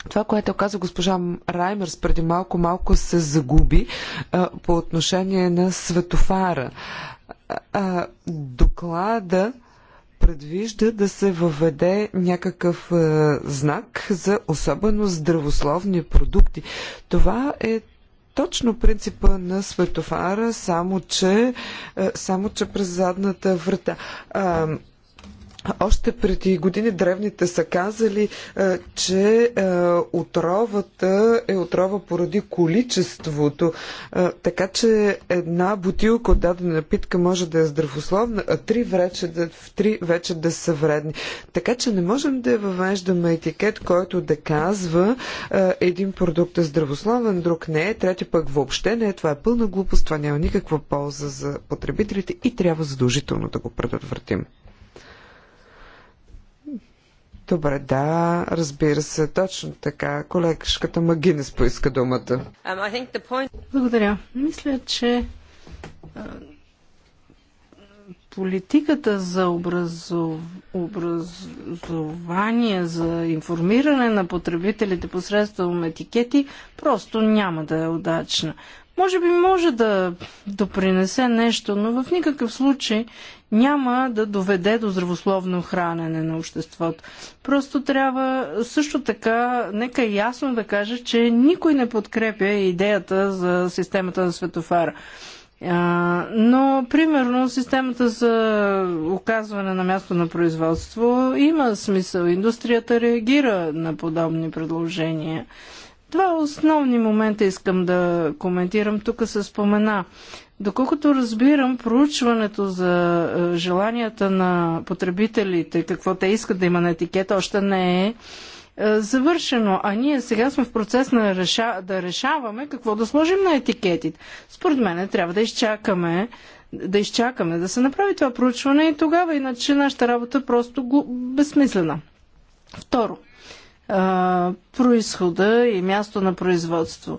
Това, което каза госпожа Раймерс преди малко, малко се загуби а, по отношение на светофара. А, а, доклада предвижда да се въведе някакъв а, знак за особено здравословни продукти. Това е точно принципа на светофара, само че, само че през задната врата. А, още преди години древните са казали, е, че е, отровата е отрова поради количеството. Е, така че една бутилка от дадена напитка може да е здравословна, а три вече да, в три вече да са вредни. Така че не можем да въвеждаме етикет, който да казва един продукт е здравословен, друг не е, трети пък въобще не е. Това е пълна глупост, това няма никаква полза за потребителите и трябва задължително да го предотвратим. Добре, да, разбира се, точно така. Колегашката Магинес поиска думата. Um, Благодаря. Мисля, че политиката за образов... образование, за информиране на потребителите посредством етикети просто няма да е удачна. Може би може да допринесе нещо, но в никакъв случай няма да доведе до здравословно хранене на обществото. Просто трябва също така, нека ясно да кажа, че никой не подкрепя идеята за системата на светофара. Но, примерно, системата за оказване на място на производство има смисъл. Индустрията реагира на подобни предложения. Два основни момента искам да коментирам. Тук се спомена Доколкото разбирам, проучването за е, желанията на потребителите, какво те искат да има на етикета, още не е, е завършено, а ние сега сме в процес на реша... да решаваме какво да сложим на етикетите. Според мен трябва да изчакаме да изчакаме да се направи това проучване и тогава, иначе нашата работа е просто го... безсмислена. Второ, а, е, происхода и място на производство.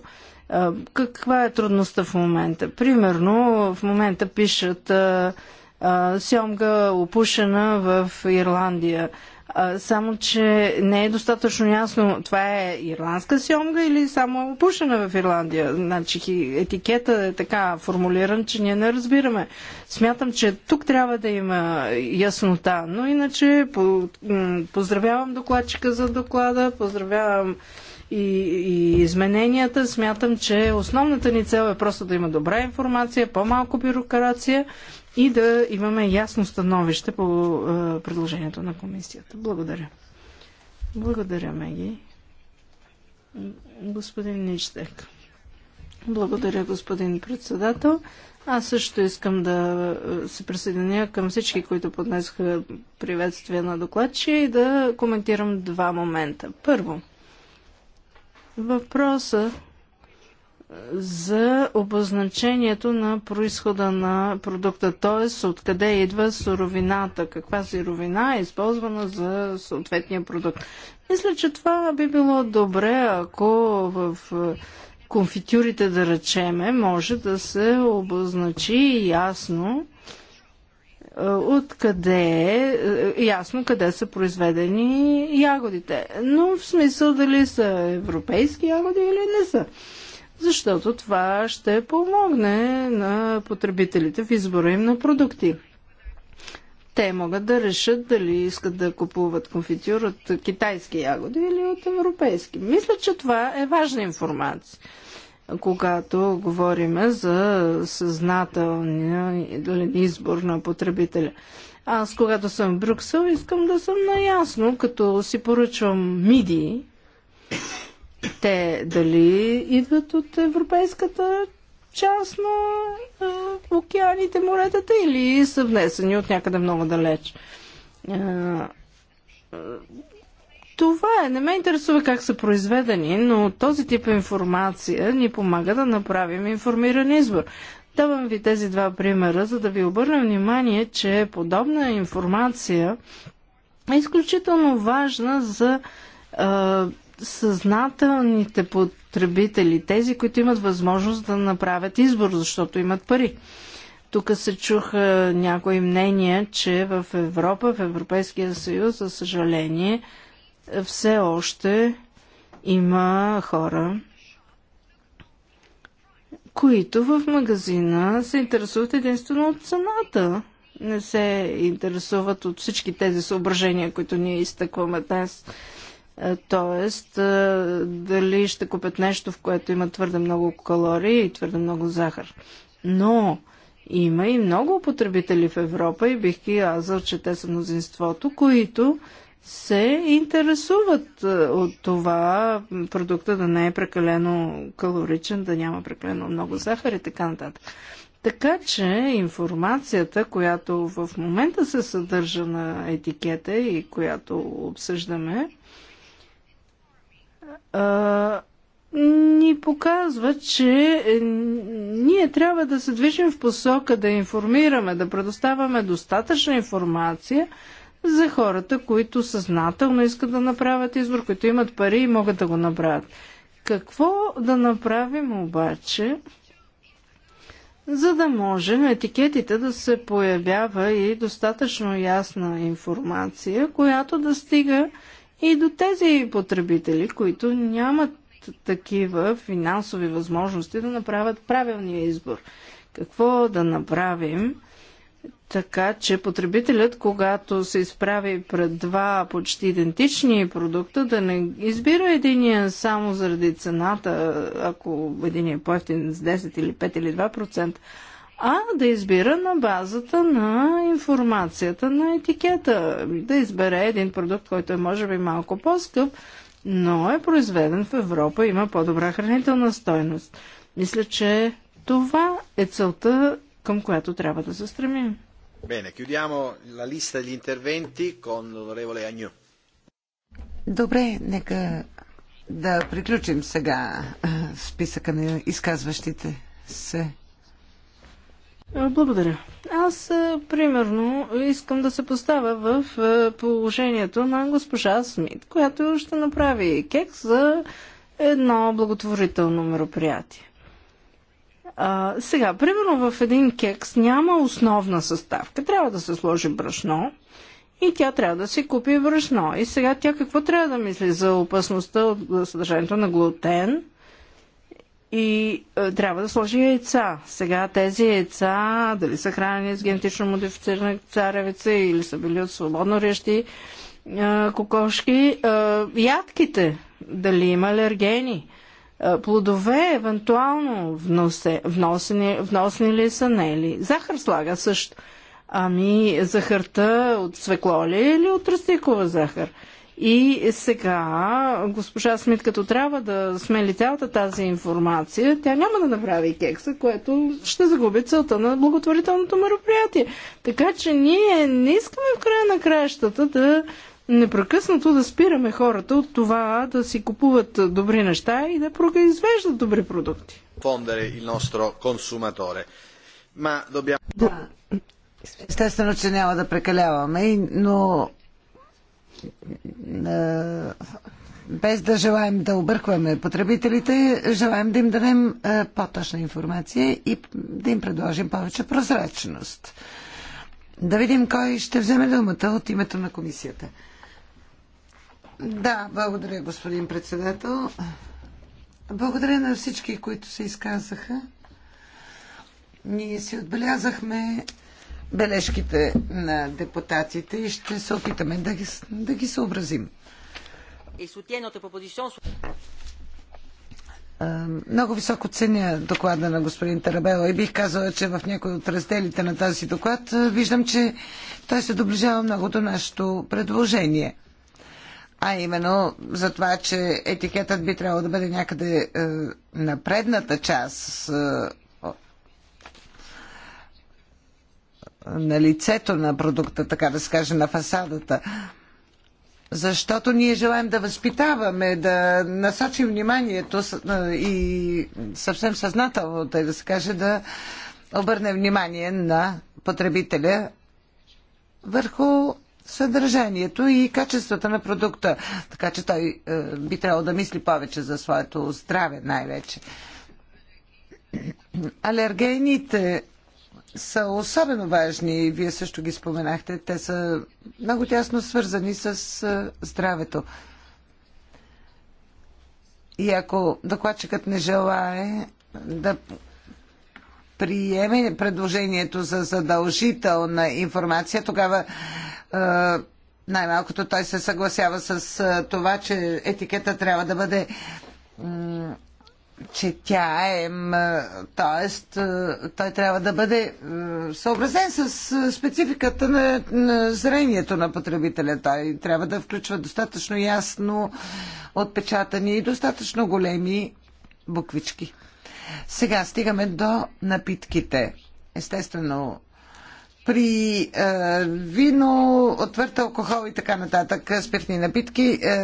Каква е трудността в момента? Примерно, в момента пишат сьомга опушена в Ирландия. Само, че не е достатъчно ясно, това е ирландска сьомга или само е опушена в Ирландия. Значи етикета е така формулиран, че ние не разбираме. Смятам, че тук трябва да има яснота. Но иначе поздравявам докладчика за доклада, поздравявам и, и измененията. Смятам, че основната ни цел е просто да има добра информация, по-малко бюрокрация и да имаме ясно становище по е, предложението на комисията. Благодаря. Благодаря, Меги. Господин Ничтек. Благодаря, господин председател. Аз също искам да се присъединя към всички, които поднесха приветствие на докладчи и да коментирам два момента. Първо, Въпроса за обозначението на происхода на продукта, т.е. откъде идва суровината, каква суровина е използвана за съответния продукт. Мисля, че това би било добре, ако в е, конфитюрите, да речеме, може да се обозначи ясно откъде е, е ясно къде са произведени ягодите. Но в смисъл дали са европейски ягоди или не са. Защото това ще помогне на потребителите в избора им на продукти. Те могат да решат дали искат да купуват конфитюр от китайски ягоди или от европейски. Мисля, че това е важна информация когато говорим за съзнателен избор на потребителя. Аз, когато съм в Брюксел, искам да съм наясно, като си поръчвам миди, те дали идват от европейската част на е, океаните, моретата или са внесени от някъде много далеч. Това е. Не ме интересува как са произведени, но този тип информация ни помага да направим информиран избор. Давам ви тези два примера, за да ви обърна внимание, че подобна информация е изключително важна за е, съзнателните потребители, тези, които имат възможност да направят избор, защото имат пари. Тук се чуха някои мнения, че в Европа, в Европейския съюз, за съжаление, все още има хора, които в магазина се интересуват единствено от цената. Не се интересуват от всички тези съображения, които ние изтъкваме днес. Е, тоест, е, дали ще купят нещо, в което има твърде много калории и твърде много захар. Но има и много потребители в Европа и бих казал, че те са мнозинството, които се интересуват е, от това продукта да не е прекалено калоричен, да няма прекалено много захар и така нататък. Така че информацията, която в момента се съдържа на етикета и която обсъждаме, е, ни показва, че ние трябва да се движим в посока да информираме, да предоставяме достатъчна информация – за хората, които съзнателно искат да направят избор, които имат пари и могат да го направят. Какво да направим обаче, за да може на етикетите да се появява и достатъчно ясна информация, която да стига и до тези потребители, които нямат такива финансови възможности да направят правилния избор. Какво да направим, така че потребителят, когато се изправи пред два почти идентични продукта, да не избира единия само заради цената, ако един е по-ефтин с 10 или 5 или 2%, а да избира на базата на информацията на етикета. Да избере един продукт, който е може би малко по-скъп, но е произведен в Европа, има по-добра хранителна стойност. Мисля, че това е целта към която трябва да се стремим. Бене, chiudiamo la lista degli interventi Добре, нека да приключим сега списъка на изказващите се. Благодаря. Аз, примерно, искам да се поставя в положението на госпожа Смит, която ще направи кекс за едно благотворително мероприятие. А, сега, примерно в един кекс няма основна съставка. Трябва да се сложи брашно и тя трябва да си купи брашно. И сега тя какво трябва да мисли за опасността от съдържанието на глутен? И е, трябва да сложи яйца. Сега тези яйца, дали са хранени с генетично модифицирана царевица или са били от свободно рещи е, кокошки, е, ядките, дали има алергени. Е, плодове, евентуално вносе, вносени, вносени ли са, не е ли. Захар слага също. Ами захарта от свекло ли или от растикова захар? И сега госпожа Смит, като трябва да смели цялата тази информация, тя няма да направи кекса, което ще загуби целта на благотворителното мероприятие. Така че ние не искаме в края на краищата да непрекъснато да спираме хората от това да си купуват добри неща и да произвеждат добри продукти. Да. Естествено, че няма да прекаляваме, но е, без да желаем да объркваме потребителите, желаем да им дадем е, по-точна информация и да им предложим повече прозрачност. Да видим кой ще вземе думата от името на комисията. Да, благодаря, господин председател. Благодаря на всички, които се изказаха. Ние си отбелязахме бележките на депутатите и ще се опитаме да ги, да ги съобразим. Е, много високо ценя доклада на господин Тарабел, и бих казала, че в някои от разделите на този доклад е, виждам, че той се доближава много до нашето предложение а именно за това, че етикетът би трябвало да бъде някъде е, на предната част е, на лицето на продукта, така да се каже, на фасадата. Защото ние желаем да възпитаваме, да насочим вниманието е, и съвсем съзнателно, тъй да се каже, да обърнем внимание на потребителя върху съдържанието и качествата на продукта. Така че той е, би трябвало да мисли повече за своето здраве най-вече. Алергените са особено важни, вие също ги споменахте. Те са много тясно свързани с е, здравето. И ако докладчикът не желае да приеме предложението за задължителна информация, тогава най-малкото той се съгласява с това, че етикета трябва да бъде четяем, т.е. той трябва да бъде съобразен с спецификата на, на зрението на потребителя. Той трябва да включва достатъчно ясно отпечатани и достатъчно големи буквички. Сега стигаме до напитките. Естествено, при е, вино, отвърта алкохол и така нататък, е, спиртни напитки, е,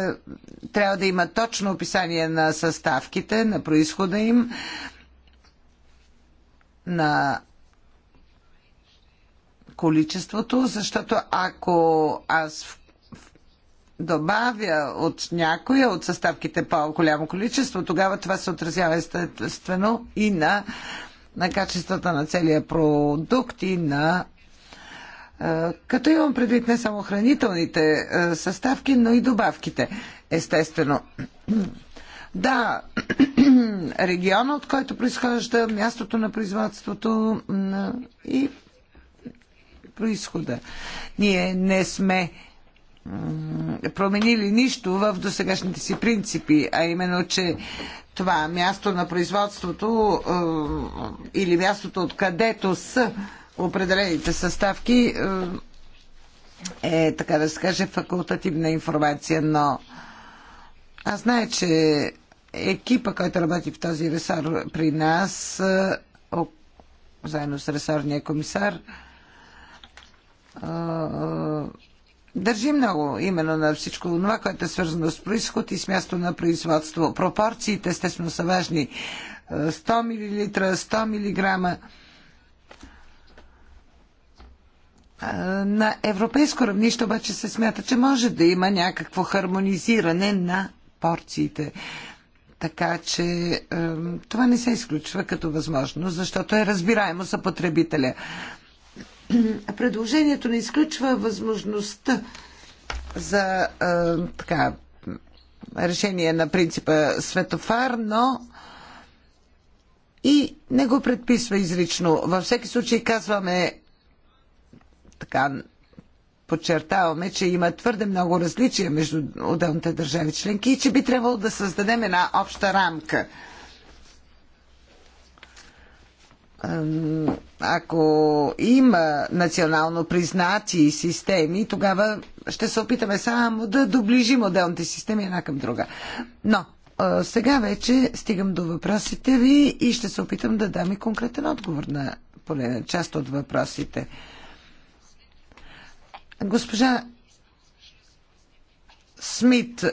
трябва да има точно описание на съставките, на происхода им, на количеството, защото ако аз в добавя от някоя от съставките по-голямо количество, тогава това се отразява естествено и на, на качествата на целия продукт и на като имам предвид не само хранителните съставки, но и добавките, естествено. Да, региона, от който произхожда, мястото на производството и происхода. Ние не сме променили нищо в досегашните си принципи, а именно, че това място на производството или мястото, откъдето са определените съставки е, е, така да се каже, факултативна информация, но аз знае, че екипа, който работи в този ресор при нас, е, заедно с ресорния комисар, е, държи много именно на всичко това, което е свързано с происход и с място на производство. Пропорциите, естествено, са важни. 100 мл, 100 мг На европейско равнище обаче се смята, че може да има някакво хармонизиране на порциите. Така че това не се изключва като възможност, защото е разбираемо за потребителя. Предложението не изключва възможността за така, решение на принципа светофар, но и не го предписва изрично. Във всеки случай казваме така подчертаваме, че има твърде много различия между отделните държави членки и че би трябвало да създадем една обща рамка. Ако има национално признати системи, тогава ще се опитаме само да доближим отделните системи една към друга. Но сега вече стигам до въпросите ви и ще се опитам да дам и конкретен отговор на поне част от въпросите. Госпожа Смит, е,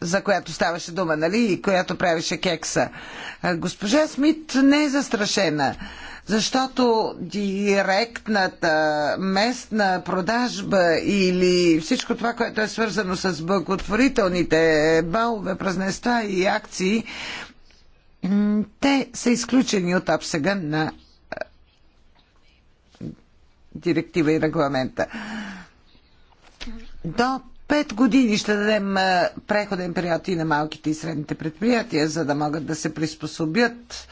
за която ставаше дума, нали, и която правеше кекса. Е, госпожа Смит не е застрашена, защото директната местна продажба или всичко това, което е свързано с благотворителните балове, празнества и акции, те са изключени от обсега на директива и регламента. До 5 години ще дадем преходен период и на малките и средните предприятия, за да могат да се приспособят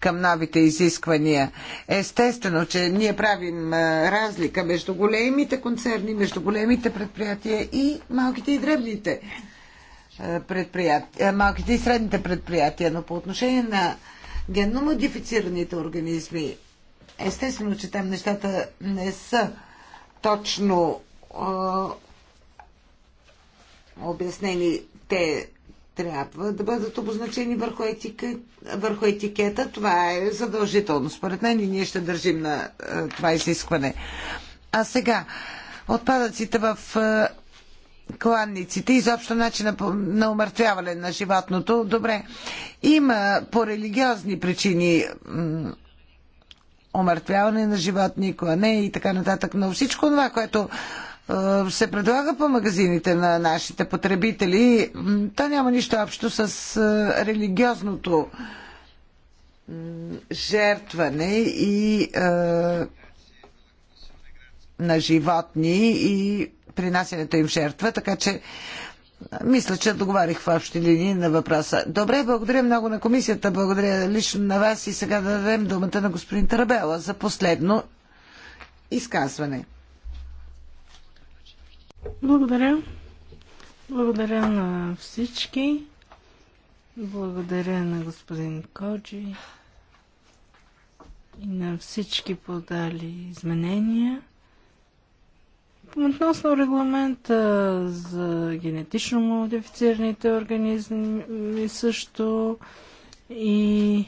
към новите изисквания. Естествено, че ние правим разлика между големите концерни, между големите предприятия и малките и дребните предприятия, малките и средните предприятия, но по отношение на генно модифицираните организми Естествено, че там нещата не са точно е, обяснени. Те трябва да бъдат обозначени върху, етикет, върху етикета. Това е задължително. Според мен и ние ще държим на е, това изискване. А сега, отпадъците в е, кланниците, изобщо начина на умъртвяване на животното, добре. Има по религиозни причини омъртвяване на животни, клане и така нататък, но всичко това, което е, се предлага по магазините на нашите потребители, то няма нищо общо с е, религиозното жертване и е, на животни и принасянето им жертва, така че мисля, че договарих в общи линии на въпроса. Добре, благодаря много на комисията, благодаря лично на вас и сега да дадем думата на господин Тарабела за последно изказване. Благодаря. Благодаря на всички. Благодаря на господин Коджи и на всички подали изменения. Относно регламента за генетично модифицираните организми също и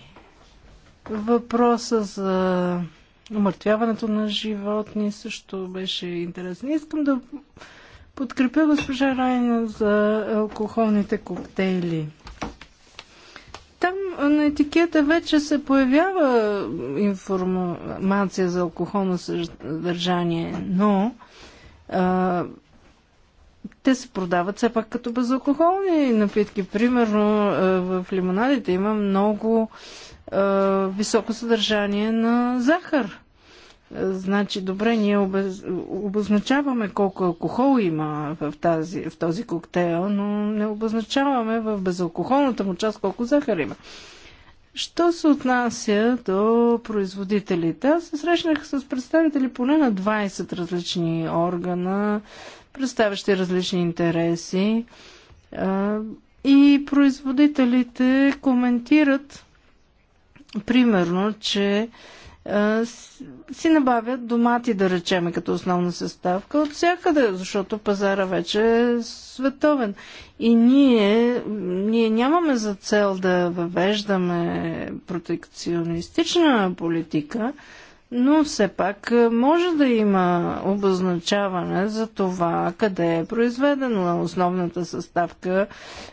въпроса за умъртвяването на животни също беше интересен. Искам да подкрепя госпожа Райна за алкохолните коктейли. Там на етикета вече се появява информация за алкохолно съдържание, но те се продават все пак като безалкохолни напитки. Примерно в лимонадите има много високо съдържание на захар. Значи, добре, ние обез... обозначаваме колко алкохол има в, тази, в този коктейл, но не обозначаваме в безалкохолната му част колко захар има. Що се отнася до производителите? Аз се срещнах с представители поне на 20 различни органа, представящи различни интереси. И производителите коментират, примерно, че си набавят домати, да речеме, като основна съставка от всякъде, защото пазара вече е световен. И ние, ние нямаме за цел да въвеждаме протекционистична политика, но все пак е, може да има обозначаване за това къде е произведена основната съставка,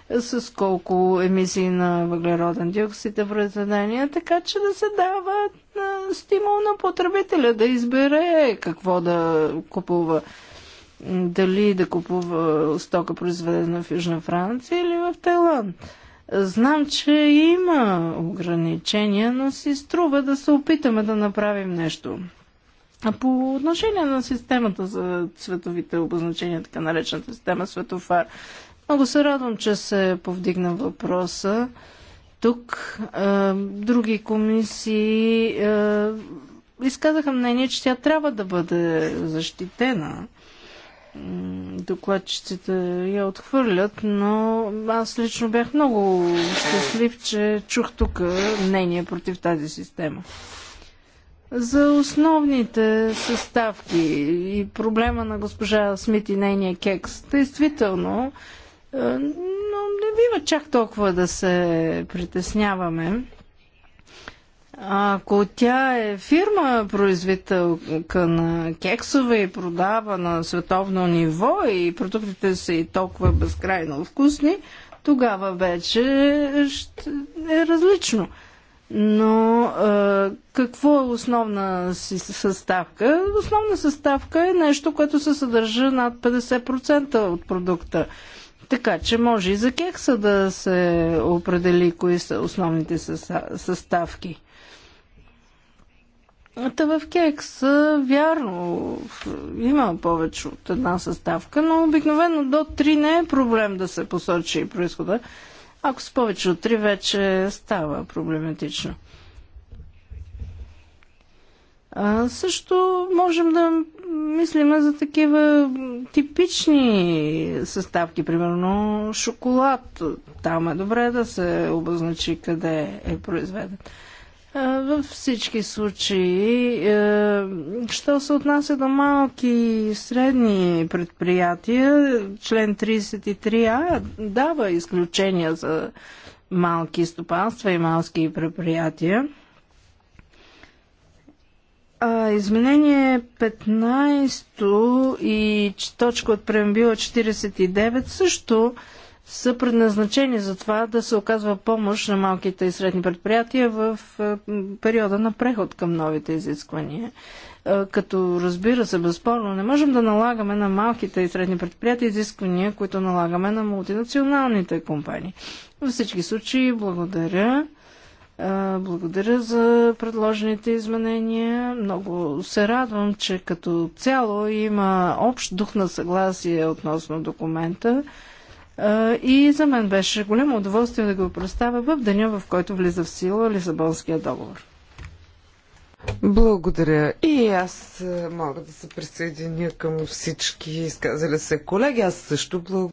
е, с колко емисии на въглероден диоксид е произведение, така че да се дава е, стимул на потребителя да избере какво да купува. Дали да купува стока произведена в Южна Франция или в Тайланд. Знам, че има ограничения, но си струва да се опитаме да направим нещо. А по отношение на системата за цветовите обозначения, така наречената система Светофар, много се радвам, че се повдигна въпроса. Тук е, други комисии е, изказаха мнение, че тя трябва да бъде защитена докладчиците я отхвърлят, но аз лично бях много щастлив, че чух тук мнение против тази система. За основните съставки и проблема на госпожа Смит и нейния кекс, действително, е, но не бива чак толкова да се притесняваме. Ако тя е фирма, производителка на кексове и продава на световно ниво и продуктите са и толкова безкрайно вкусни, тогава вече е различно. Но а, какво е основна си съставка? Основна съставка е нещо, което се съдържа над 50% от продукта. Така че може и за кекса да се определи кои са основните съставки. Та в кекс, вярно, има повече от една съставка, но обикновено до 3 не е проблем да се посочи происхода. Ако с повече от 3 вече става проблематично. А, също можем да мислим за такива типични съставки, примерно шоколад. Там е добре да се обозначи къде е произведен. Във всички случаи, е, що се отнася до малки и средни предприятия, член 33а дава изключения за малки стопанства и малки предприятия. А, изменение 15 и точка от преамбила 49 също са предназначени за това да се оказва помощ на малките и средни предприятия в е, периода на преход към новите изисквания. Е, като разбира се, безспорно, не можем да налагаме на малките и средни предприятия изисквания, които налагаме на мултинационалните компании. Във всички случаи, благодаря. Е, благодаря за предложените изменения. Много се радвам, че като цяло има общ дух на съгласие относно документа. И за мен беше голямо удоволствие да го представя в деня, в който влиза в сила Лисабонския договор. Благодаря. И аз мога да се присъединя към всички изказали се колеги. Аз също благодаря.